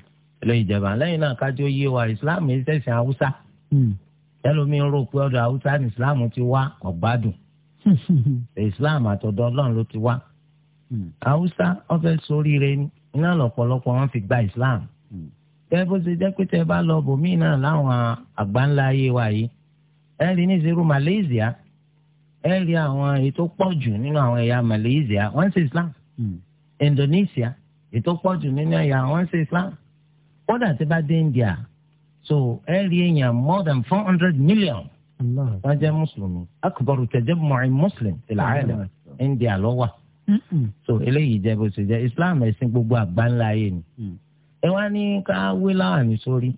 lẹ́yìn ìjọba lẹ́yìn náà kájọ yé wa islam yìí ṣẹ̀sìn haúsá hmm. ẹlòmíín rò pé ọ̀dọ̀ haúsá ni islam ti wá ọ̀gbádùn islam àtọ̀dọ̀ ọlọ́run ló ti wá hmm. haúsá ọ̀fẹ́ sóríire iná lọ́pọ̀lọpọ̀ wọn fi gba islam tẹ́ bó ṣe jẹ́ pé tẹ́ bá lọ bòmíì náà láwọn àgbáńlá ayé wa yìí ẹ rí ní zero Malaysia ẹ rí àwọn èyí tó pọ̀ jù nínú àwọn ẹ̀yà Malaysia wọ́n ń ṣe islam. Mm. Indonesia ètò pọ̀jù nínú ẹ̀yà wọn ṣe Islam kódà tí bá dé India so ẹ rí èèyàn more than four hundred million wọ́n jẹ́ mùsùlùmí akbaru tajammu'in muslim fil alam India ló wà so eléyìí jẹ́ bó ṣe jẹ́ Islam ẹ̀sìn gbogbo àgbáńlá ayé ni mm. ẹ wá ní ká wé láwàní sórí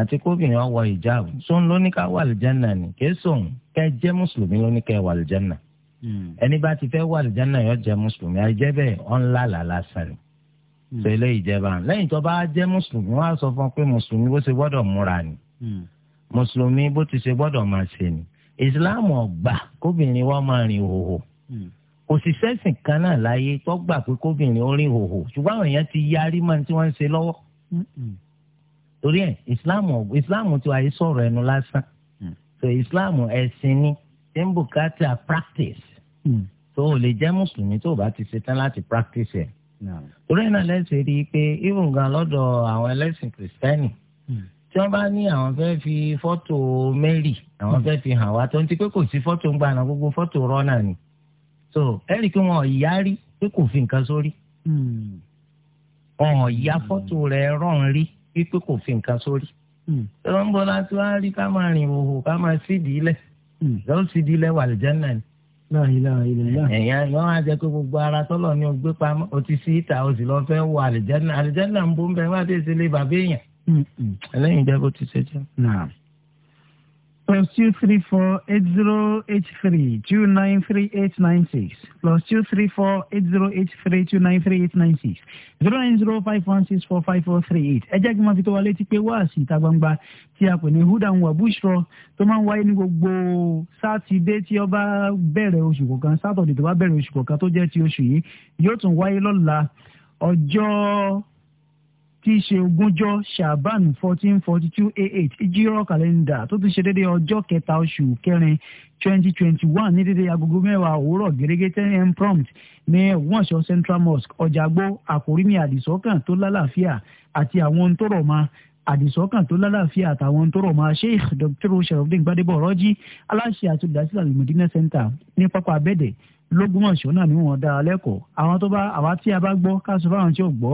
àti kóbìnrin ọwọ ìjáàbù sóun ló ní ká wà lìjánà ni kì í sóun kẹ jẹ́ mùsùlùmí ló ní kẹ wà lìjánà. Hmm. ẹni bá ti fẹ́ wà àlùjáná yọ jẹ́ mùsùlùmí àìjẹ́ bẹ́ẹ̀ ọ̀nlá làlásán ni tẹ̀lé hmm. ìjẹba lẹ́yìn tó bá jẹ́ mùsùlùmí wọ́n á sọ fún ọ pé mùsùlùmí bó ṣe gbọ́dọ̀ múra ni hmm. mùsùlùmí bó ti ṣe gbọ́dọ̀ máa ṣe ni ìsìláàmù ọ̀gbà kóbìnrin wọn máa rìn hòhò kò sì sẹ́sìn kan náà láyé tó gbà pé kóbìnrin ó rìn hòhò ṣùgbọ́n àwọn èèyàn ti yarí máa tí wọ́n ń ṣe lọ́wọ́ torí ẹ̀ ìsìláàmù ìsìláàmù tí wàá sọ̀rọ̀ ẹnu lásán so ìsìláàmù ẹ̀sìn ni tí ń practice tó hmm. o lè jẹ́ mùsùlùmí tó o bá ti ṣetán láti practice ẹ̀ torí náà lẹ́sẹ̀ rí i pé even gan lọ́dọ̀ àwọn ẹlẹ́sìn kìrìsìtẹ́nì hmm. tí wọ́n bá ní àwọn fẹ́ fi fọ́tò Mary àwọn hmm. fẹ́ fi hàn wá tó ń ti pé kò sí fọ́tò ń gbàna gbogbo fọ́tò rọ́nà ni so ẹ̀rí kí wọ́n ìyá rí pé kò fi nǹkan sórí ọ̀hún ìyá fọ́tò rẹ̀ rọ̀n rí pé kò fi nǹkan sórí tó ń bọ́ láti wá rí ká máa rìn òhò ká máa sídìí lẹ̀ lọ́ọ́ sídìí lẹ̀ wà lìjẹ́ náà ni. ẹ̀yà yọ á pé gbogbo ara tọ́lọ̀ ni o gbé pamọ́ o ti sí ìta o sì lọ fẹ́ wọ àlìjẹ́nà àlìjẹ́nà ń bọ́ ń bẹ́ẹ̀ wá dé bàbá èèyàn bó ti ṣe jẹ́. plus two three four eight zero eight three two nine three eight nine six plus two three four eight zero eight three two nine three eight nine six zero nine zero five one six four five four three eight ẹ jẹ́ kí n máa fi tó wa létí pé wáàsí ìta gbangba tí a pè ní hudan wa bushro tó máa ń wáyé ní gbogbo sátidé tí ó bá bẹ̀rẹ̀ oṣù kọ̀ọ̀kan sátọ̀dẹ̀ tó bá bẹ̀rẹ̀ oṣù kọ̀ọ̀kan tó jẹ́ ti oṣù yìí yóò tún wáyé lọ́la ọjọ́ tí í ṣe ogúnjọ́ shaban fourteen forty two AH ìjírọ̀ kàlẹ́ndà tó ti ṣe déédéé ọjọ́ kẹta oṣù kẹrin twenty twenty one ní déédéé agogo mẹ́wàá òwúrọ̀ gẹ́gẹ́ ten a.m. prompt ní ẹ̀wọ̀nsọ central mosque ọ̀jàgbó àkórí ní àdìsọ́kàn tó lálàáfíà àti àwọn ohun tó rọ̀ mọ́ àdìsọ́kàn tó lálàáfíà àtàwọn tó rọ̀ mọ́ sheikh dr sharafdin gbadebo ọ̀rọ̀jì aláṣẹ àti olùdásílẹ̀ center ní pápá abẹ́dẹ̀ lógúnmọ̀ṣọ́ náà ni wọ́n dára lẹ́kọ̀ọ́ àwọn tó bá àwa tí a bá gbọ́ ká sọ fáwọn tí ò gbọ́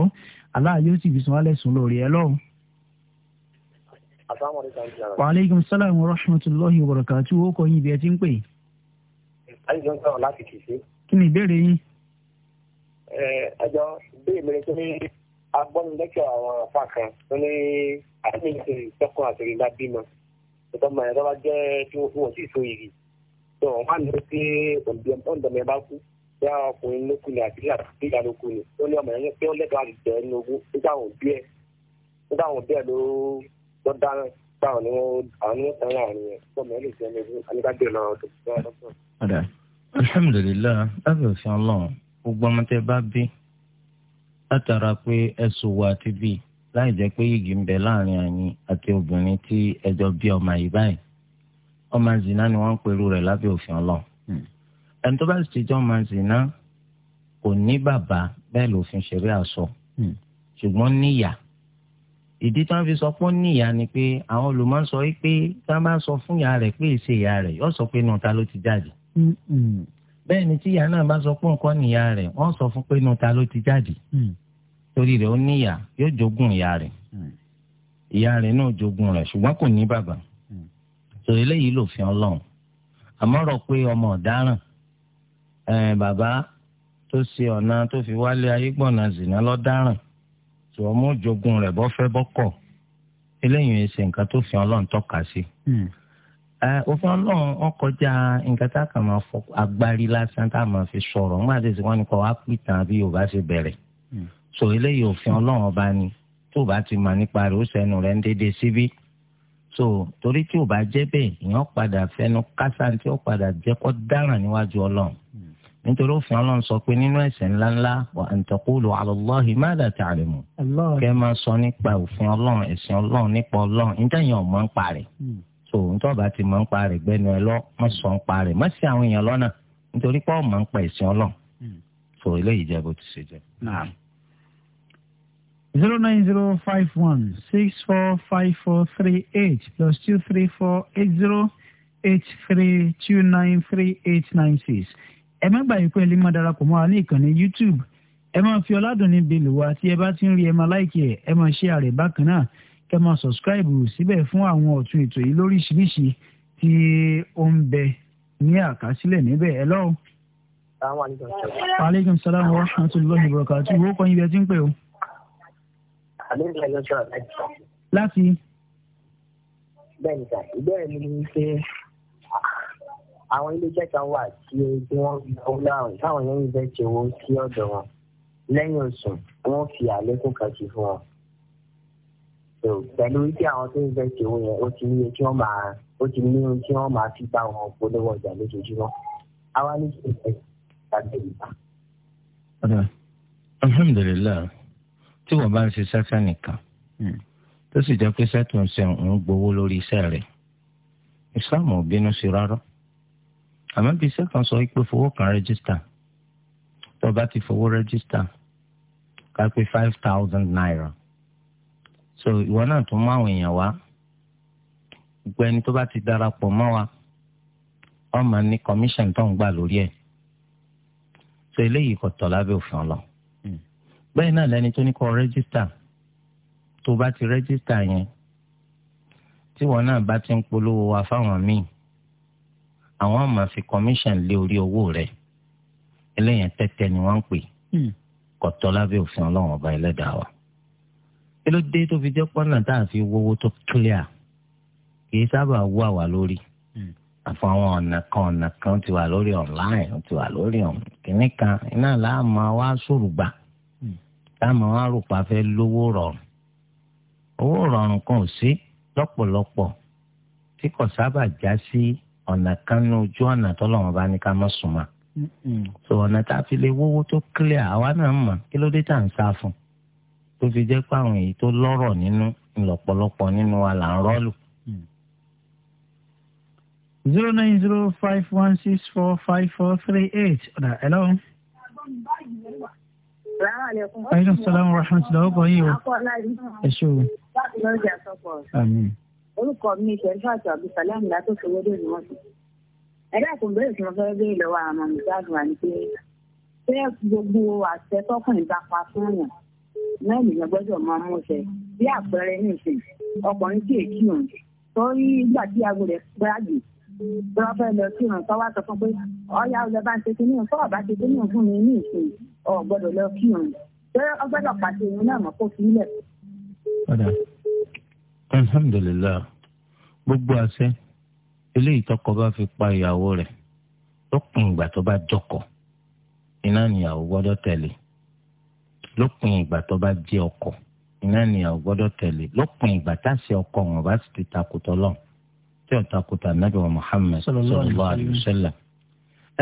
aláà yóò sì fi san alẹ́ sùn lórí ẹ lọ́hùn. wa aleykum salaam wa rahmatulahi wa barakatu ó kọ yín ibi ẹ ti ń pè. àyíjọ ń sọ̀rọ̀ láti kìí ṣe. kí ni ìbéèrè yín. ẹ ẹjọ ìbéèrè mi ni pé agbọ́nù lẹ́kọ̀ọ́ àwọn àfa kan tó ní àdéhùn ìṣòro ìṣọ́kùn àtẹ̀rẹ̀dá tó wọn ní pé ọ̀dọ̀ mẹ́bà kú bí àwọn ọkùnrin ló kú ni àti ìyá ló kú ni ó ní ọmọ yẹn pé ó lẹ́tọ̀ọ́ àti jẹ́ ní ogún nígbà wọn bí ẹ̀ nígbà wọn bí ẹ̀ ló lọ dáná nígbà wọn ni wọn àwọn ni wọn tán láàrin yẹn tó ọmọ yẹn lè jẹ́ ní ogún anígbàgbé lọ́wọ́ tó ti tẹ́ lọ́sọ̀. ọ̀dà alhamdulilayi lábẹ́ òfin ọlọ́run gbogbo ọmọ tẹ bá bí látara pé ẹ̀sùn wa ti láì jẹ́ pé yìgì ń bẹ láàrin àyìn àti obìnrin tí ẹjọ́ bí ọmọ yìí báyìí ọmọ zina ni wọ́n ń pẹ̀lú rẹ̀ lábẹ́ òfin ọlọ́run hmm. ẹni tó bá sì ti jẹ́ ọmọ zina kò ní bàbá bẹ́ẹ̀ lòfin ṣeré àṣọ hmm. ṣùgbọ́n níyà ìdí tí wọ́n fi sọ pé ó níyà ni pé àwọn olùmọ̀ sọ pé tí wọ́n bá sọ fún ìyá rẹ̀ pé èsì ìyá rẹ̀ yóò sọ pé inú ta ló ti jáde hmm, bẹ́ẹ̀ ni tí ìyá náà bá sọ pé nǹkan níyà rẹ̀ wọ́n sọ fún pé inú ta ló ti jáde torí rẹ̀ ó níyà yóò jogún ìyá rẹ̀ ìyá rẹ̀ náà jogún rẹ̀ ṣùgbọ́n kò ní bàbá tó eléyìí lòfin ọlọ́run àmọ́ rọ pé ọmọ ọ̀daràn eh, bàbá tó ṣe ọ̀nà tó fi wálé ayégbọ̀nà zìnà lọ́daràn tí ọmọ òjogún rẹ̀ bọ́ fẹ́ bọ́kọ̀ eléyìí ń ṣe nǹkan tó fi ọlọ́run tọ́ka sí. Hmm. Eh, òfin ọlọ́run wọn kọjá nǹkan tá a kàn máa fọ agbárí lásán tá a máa fi sọ̀rọ̀ nígbà tí wọ́n ní kọ́ wá pìtàn bí yorùbá ṣe bẹ̀rẹ̀ hmm. so eléyìí òfin ọlọ́run ọba ni tó bá ti mà nípa rẹ̀ ó sẹ́nu rẹ̀ ń dédé síbí so torí tí ò bá jẹ́ bẹ́ẹ̀ èèyàn padà fẹnu kásá tí ó padà jẹ́ kó dáràn níwájú ọlọ́run nítorí òfin ọlọ́run sọ pé nínú ẹ̀ṣẹ̀ ńláńlá wa an taqulu ala Allahi ma la ta'lamun kẹ́ máa sọ nípa òfin ọlọ́run ẹ̀sìn ọlọ́run nípa ọlọ́run níta yẹn ò mọ̀ ń parẹ́ hmm. so nítorí ọba ti mọ̀ ń parẹ́ gbẹ́nu ẹ lọ mọ̀ sọ ń parẹ́ mọ̀ sí àwọn èèyàn lọ́nà nítorí pé ọ̀ mọ̀ ń pa hmm. so eléyìí jẹ́ bó ti ṣe jẹ́ zero nine zero five one six four five four three eight plus two three four eight zero eight three two nine three eight nine six. ẹ má gbàgbé pé ẹ lè máa darapọ̀ mọ́ ní ìkànnì YouTube ẹ máa fi ọ̀làdùnní bèlò wa tí ẹ bá ti ń rí ẹ máa láìkì ẹ ẹ máa ṣe àrẹ̀ bákan náà kẹ máa sọ̀scribe síbẹ̀ fún àwọn ọ̀tún ètò yìí lóríṣiríṣi tí ó ń bẹ ní àkásílẹ̀ níbẹ̀ ẹ lọ́wọ́. aleykum salaam wa rahmatulahi wa barakatuh wo kọ́ yín bí ti ń pè o àbẹ́rẹ́ lọ́jọ́ aláàjì. láti. bẹ́ẹ̀ni sà ìbéèrè mi ni pé àwọn iléeṣẹ́ kan wà tí tí wọ́n fi owó láwìn táwọn yẹn ń fẹ́ ti owó sí ọ̀dọ̀ wọn lẹ́yìn oṣù wọ́n fi àlékún kan sí fún wọn. pẹ̀lú wípé àwọn tó ń fẹ́ ti owó yẹn ó ti ní tí wọ́n máa ó ti ní ohun tí wọ́n máa fi bá wọn polówó ọjà lójoojúmọ́. àwa ní kí n fẹ́ tàbí ìgbà. alhamdulilayi tí wọ́n bá ń ṣe sẹ́fẹ́ nìkan hmm. tó sì jẹ́ pé sẹ́tùn ṣe ń gbowó lórí iṣẹ́ rẹ̀ ìsìláàmù ò bínú sí rárá àmọ́ bí iṣẹ́ kan sọ pé fowó kan rẹ́gísítà tó bá ti fowó rẹ́gísítà ká pé five thousand naira so ìwọ náà tún mú àwọn èèyàn wá gbogbo ẹni tó bá ti darapọ̀ mọ́ wa ọmọ ní commission tó ń gbà lórí ẹ̀ so eléyìí kò tọ́ lábẹ́ òfin ọlọ́run bẹ́ẹ̀ náà lẹni tó ní kọ́ rẹ́gísítà tó bá ti rẹ́gísítà yẹn tí wọn náà bá ti ń polówó wa fáwọn míì àwọn máa fi commission lé orí owó rẹ̀ eléyẹn tẹ́tẹ́ ni wọ́n ń pè hmm. kọ̀tọ́ lábẹ́ òfin ọlọ́run ọba ẹlẹ́dàá wa kí ló dé tó fi jẹ́ pọ́nà tá a fi wọ́wọ́ tó clear kì í sábà wú àwa lórí hmm. àfọwọn ọ̀nà kan ọ̀nà kan ti wà lórí online ti wà lórí ọ̀hún kìnnìkan iná làá máa wá sòrùgbà táwọn arúgbó afẹ́ lówó rọrùn owó rọrùn kan ò sí lọ́pọ̀lọpọ̀ tí kò sábà já sí ọ̀nà kan ní ojú ọ̀nà tọ́lọ́wọ́n bá ní ká mọ̀ sùnmọ́ so ọ̀nà tá a fi lè wówó tó clear àwa náà mọ̀ kí ló dé tá à ń sá fún tó fi jẹ́ pé àwọn èyí tó lọ́rọ̀ nínú ńlọ́pọ̀lọpọ̀ nínú wa là ń rọ́ọ̀lù zero nine zero five one six four five four three eight ọ̀dà hello aleykum salaam wa rahmatulah ọkọ yìí o ẹ ṣe o. orúkọ mi ṣẹ̀rí fàtí abdulsalam látòkè wọ́dọ̀ ni wọ́n ti. ẹ̀dá kò bẹ̀rẹ̀ tí mo bẹ́ẹ̀ lọ́wọ́ àwọn ọmọ ìgbàdùn àni pé pé gbogbo àṣẹ tọkùnrin bá pa fún yàn náà nìyẹn gbọ́dọ̀ máa mú ṣe bí àpẹẹrẹ ní ìsìn ọkùnrin tí èkì òun torí ìgbà tí aago rẹ̀ gbáàgì tí wọ́n fẹ́ lọ sí ìrànṣọ́wọ́ àtọ́kùn pé ọ̀ya ọ̀jọba ń ṣe kínní fọ́ọ̀bá ọ gbọ́dọ̀ lọ kí òun ṣé ọ gbọ́dọ̀ pàṣẹ òun náà mọ̀ kó fi ilẹ̀. padà alhamdulilayi gbogbo àṣẹ eléyìí tọkọ bá fi pa ìyàwó rẹ̀ lópin ìgbà tó bá jọkọ iná níyàwó gbọ́dọ̀ tẹ̀lé lópin ìgbà tó bá jẹ́ ọkọ iná níyàwó gbọ́dọ̀ tẹ̀lé lópin ìgbà táṣe ọkọ wọn bá sì ti takùtọ lọ tí ó takùtà nàbẹ wa Muhammad sallallahu alaihi wasallam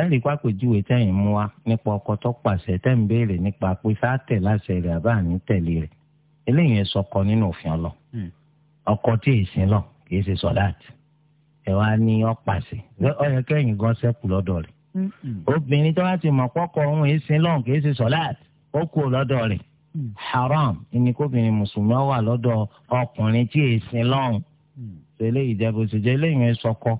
ẹ̀rí pápẹ̀júwe tẹ̀yìn mú wa nípa ọkọ tó pàṣẹ tẹ̀yìn béèrè nípa pé sáàtẹ̀ láṣẹ rẹ̀ àbá nínú òfin ọlọ hmm. ọkọ tí sin lọ kìí ṣe sọdáàtì ẹ wá ní ọpàṣẹ ọyọ kẹyìn gan sẹkù lọ́dọ̀ hmm. obìnrin mọ pọkọ ohun èsì lọ kìí ṣe ó kú hmm. haram ẹni kóbìnrin mùsùlùmí wà lọdọ ọkùnrin tí lọ ṣe eléyìí jẹ bó ṣe jẹ eléyìí sọkọ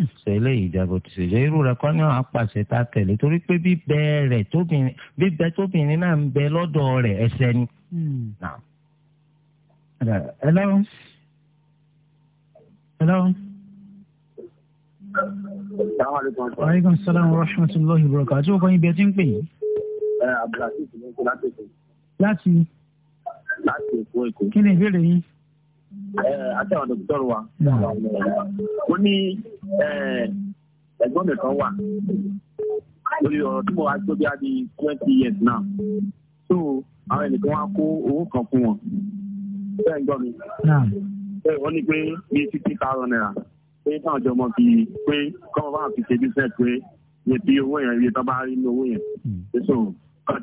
sọ eléyìí ìjábọ̀ ti ṣèjọ́ irú rẹ̀ kọ́ ní apàṣẹ tá a tẹ̀lé torí pé bíbẹ́ rẹ̀ tóbìnrin bíbẹ́ tóbìnrin náà ń bẹ lọ́dọ̀ rẹ̀ ẹsẹ̀ ni. Hmm. hello hello. wa aleykum salaam wa rahmatulahi wa barakatuh àti òkò ibi ẹ ti ń pè yín. Eh, abdulhakeem ló ń kó láti láti. láti èkó èkó. kí ni ìbéèrè yín. Eh, àtàwọn dọkítọrù wa ó ní eh, ẹ̀gbọ́n mi kan wà lórí ọ̀rọ̀ tí mo wá tó bí a di twenty years now so àwọn kó owó kan fún wọn bẹ́ẹ̀ ń mi pé bíi fifty thousand pé táwọn ọmọ fi pé kọ́mọ bá fi ṣe business pé owó yẹn bá rí owó yẹn hmm. so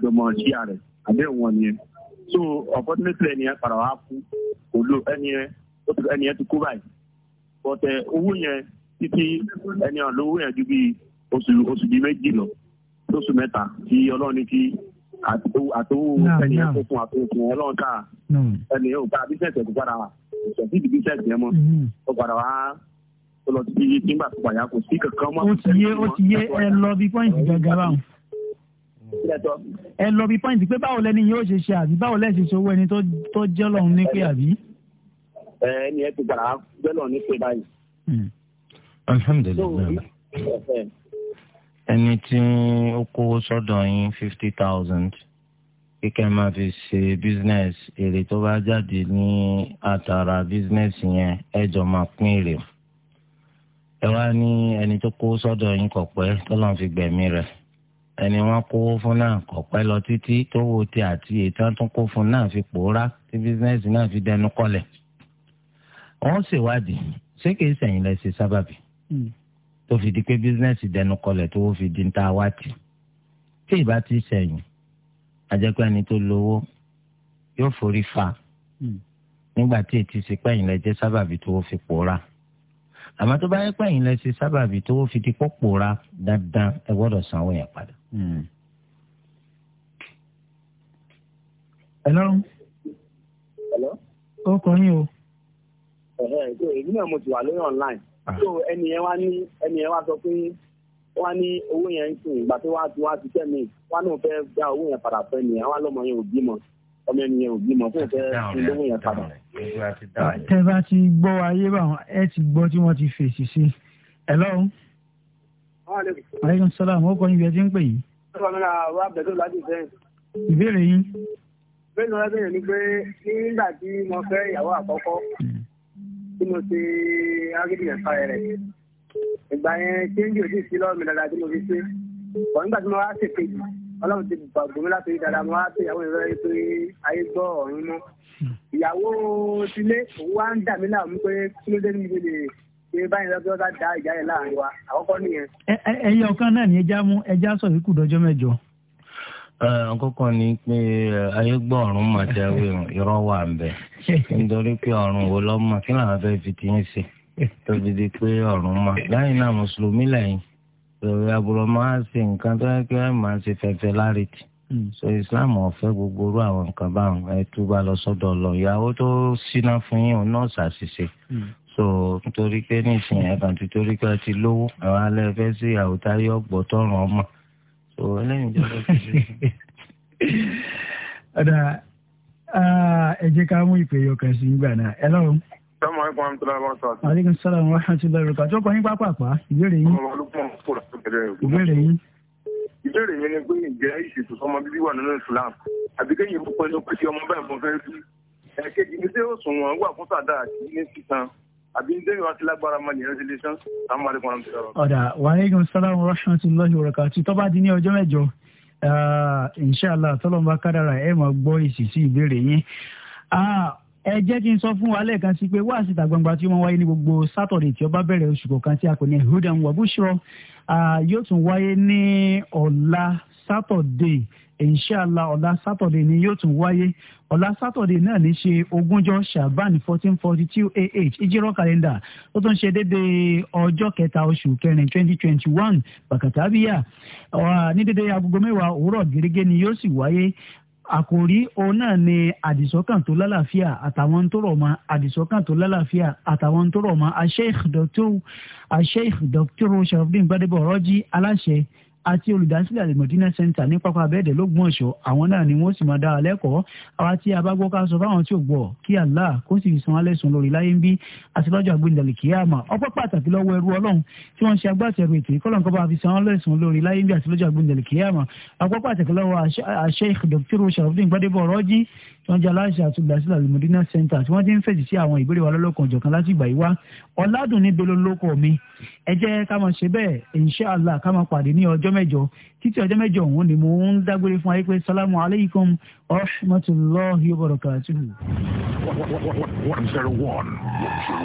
ọmọ ṣíà rẹ̀ àbẹ́ òun nìyẹn so unfortunately padà wá lò ẹni yẹn ẹni yẹn ti kú báyìí bọ̀tẹ̀ eh, owó yẹn títí ẹni àwọn lówó yẹn ju bíi oṣù oṣù bíi méjì lọ lóṣù mẹ́ta tí ọlọ́run ní kí àtòwò ẹni yẹn kó fún àtòwò fún ọlọ́run ká ẹni yẹn ò bá bísẹ̀sì kó padà ìṣẹ̀sì ìdí bísẹ̀sì yẹn mọ́ mm-hmm. ó padà wá ó lọ títí nígbà tó pàyà kò sí kankan mọ́. ó ti yé ó ti yé ẹ lọ bí pọ́ìntì gàgà báwọn ẹ lọ bí pọ́ìntì pé báwo lẹni yóò ṣe ṣe àbí báwo lẹ owó ẹni tó jẹ́ lọ́hún ní pé àbí ẹni ẹ ti gbàrà gbẹ́lọ̀ ní pé báyìí. Hmm. alhamdulilayi ẹni tí ó kówó sọ́dọ̀ yín fifty thousand kíkẹ́ máa fi ṣe business èrè tó bá jáde ní àtàrà business yẹn ẹ jọ máa pín èrè ẹ wá ní ẹni tó kó sọ́dọ̀ yín kọ̀pẹ́ tó lọ́n fi gbẹ̀mí rẹ̀ ẹni wọ́n kó fún náà kọ̀pẹ́ lọ títí tó wo ti àti ètò tó kó fún náà fi pòórá tí business náà fi dẹnu kọlẹ̀ ọ̀hún ṣèwádìí ṣé kìí sẹ̀yìn lẹ ṣe sábàbí hmm. tó fi di pé bísínẹ́sì dẹnu kọlẹ̀ tó fi di ń ta wáàtì tí ìbá ti sẹ̀yìn ajẹ́pẹ́ ẹni tó lówó yóò forí fa hmm. nígbà tí ètí ṣe pẹ́yìn lẹ jẹ́ sábàbí tó fi pòórá àmọ́ tó bá yẹ pẹ́yìn lẹ ṣe sábàbí tó fi di pòórá dandan ẹ gbọ́dọ̀ sanwó yẹn padà. Hmm. hello. hello. ó kọ́ yín o so èmi náà mo ti wà lórí online ah. so ẹni yẹn wá ní ẹni yẹn wá sọ pé wá ní owó yẹn ń sìn ìgbà tó wá ti wá ṣiṣẹ́ mi wá náà fẹ́ gba owó yẹn padà fẹ́ nìyẹn wá lọ́mọ yẹn ò bímọ ọmọ ẹni yẹn ò bímọ fún ìfẹ́ ìlówó yẹn padà. tẹ bá ti gbọ́ ayé báwọn ẹ ti gbọ́ tí wọ́n ti fèsì sí ẹ lọ́wọ́. aleykum salaam ó kọ́ ibi ẹ ti ń pè yìí. ìbéèrè yín. ìbéèrè wọn bẹ̀rẹ̀ ni pé nígbà tí mo fẹ́ ìyàwó àkọ́kọ́ hmm tí mo ṣe ágídì ẹ̀fà rẹ̀ ìgbà yẹn kéńjì òjì sí lọ́ọ̀mì dáadáa tí mo fi ṣe bọ̀ nígbà tí mo wá ṣèkejì ọlọ́run ti gbàgbó mi láti rí dáadáa mo wá pé ìyàwó ìrọ̀lẹ́ pé ayé gbọ́ ọ̀run mọ́ ìyàwó sílé òun wá ń dà mí láàmú pé kí ló dé níbi lè ṣe báyìí lọ́jọ́ bá da ìjà yẹn láàrin wa àkọ́kọ́ nìyẹn. ẹ ẹ ẹyẹ ọ̀kan náà ni ẹja mú ẹja sọ yìí kù dọjọ́ mẹ́jọ àkọ́kọ́ ni pé ayé gbọ́ ọ̀run mà jáwé irọ́ wà ń bẹ̀ nítorí pé ọ̀run wo lọ́ mà kí làwọn fẹ́ fi tiyín sí tóbi di pé ọ̀run mà lẹ́yìn náà mùsùlùmí lẹ́yìn lórí àbúrò máa ń ṣe nǹkan tó yẹ kí wọ́n máa ń ṣe fẹ́fẹ́ láretí hmm. so islam ọ̀fẹ́ gbogbo orú àwọn nǹkan báwọn ẹ tú bá lọ sọ́dọ̀ lọ ìyàwó tó síná fún yín òun náà ṣàṣìṣe hmm. so nítorí pé nísìnyí ẹ̀kan ti torí pé ẹ ti lówó àwọn alẹ́ fẹ́ sí ìyàwó táyé ọ̀gbọ́tọ̀ràn ọmọ Oh, tó lẹ́yìn ìjọba tó ṣe. ọ̀dà ẹ jẹ́ ká mú ìpè yọ kan sí ìgbà náà ẹ lọ́rùn. sọ́mọ ẹ̀kọ́ àmì tọ́lá wọn sọ àti. aleykum salaam wa rahmatullahi wa barakatuh. ọkọ yín pápápá ìbéèrè yín. ọmọ olùkọ́ fúra tó bẹ̀rẹ̀ rẹ̀. ìbéèrè yín. ìbéèrè mi ni pé ǹjẹ́ ìṣètò sọmọ bíbí wà nínú Islam àbí kéyìn púpọ̀ ní pèsè ọmọ bẹ́ẹ̀ fún fẹ́ẹ́ bí. ẹ̀kejì ni tí ó sùn wọn wà fún sàdáà kì í ní sísan àbí ń débi wá sí lágbára máa nìyẹn sí lẹ́sán àwọn àlekún ọ̀rọ̀ mi sọ̀rọ̀. ọ̀dà wàhálẹ́gùn sálámù rahmatullahi wa barakatuh tó bá di ní ọjọ́ mẹ́jọ inshàlá tọ́lọ́mùbá kádàrà ẹ̀ máa gbọ́ ìsìsì ìbéèrè yín ẹ jẹ́ kí n sọ fún wa lẹ́ẹ̀kan sí pé wáàsí ìta gbangba tí wọ́n wáyé ní gbogbo sátọ̀dẹ̀ tí ó bá bẹ̀rẹ̀ oṣù kọ̀ọ̀kan tí a kò ní hudan wa bushra yóò tún wáyé ní ọ̀la sátọ̀dé inshallah ọ̀la sátọ̀dé ni yóò tún wáyé ọ̀la sátọ̀dé náà ní ṣe ogúnjọ́ shaban fourteen forty two ah ìjírọ̀ kàlẹ́ndà ó tún ṣe déédéé ọjọ́ kẹta oṣù kẹrin twenty twenty one bàkàtàbíyà ní déédéé agogo mẹ́wàá òwúrọ̀ gẹ́gẹ́ ni yóò sì wáyé àkòrí òun náà ni àdìsọ́kàn tó lálàáfíà àtàwọn tó rọ̀ mọ́ àdìsọ́kàn tó lálàáfíà àtàwọn tó rọ̀ mọ́ Sheikh Dr. Sheikh Dr. Sharafdin Gbadebo aláṣẹ àti olùdásílẹ̀ àlèmọ̀dínà center ní pápá abẹ́ẹ̀dẹ̀ lọ́gbọ̀nsọ̀ àwọn náà ni wọ́n sì máa dára lẹ́kọ̀ọ́ àwa tí a bá gbọ́ ká sọ fáwọn tí ò gbọ́ kí Allah kó sì san alẹ́sùn lórí láyé ń bí àtibájọ́ àgbéǹdàlè kíyàmà ọpẹ́ pàtàkì lọ́wọ́ ẹrú ọlọ́run tí wọ́n ṣe agbátẹrù ètò ìkọlọ́n kọ́ bá fi san alẹ́sùn lórí láyé ń bí àtibájọ́ Sheikh Dr. Sharafdin Gbadebo Rọ́jí tí wọ́n jẹ́ aláṣẹ àti olùdásílẹ̀ àlèmọ̀dínà center tí wọ́n ti ń fèsì sí àwọn ìbéèrè wa lọ́lọ́kan ọ̀jọ̀kan láti ìgbà yìí wá ọ̀làdùn níbi olólókọ̀ mi ẹ jẹ́ ká máa ṣe bẹ́ẹ̀ insha Allah ká máa pàdé ní ọjọ́ ọjọ́ mẹ́jọ títí ọjọ́ mẹ́jọ òun ni mo ń dágbére fún ayé pé sálámù aleykum ọ̀rọ̀ mọ́tò lọ́ọ́ yóò kàtúù.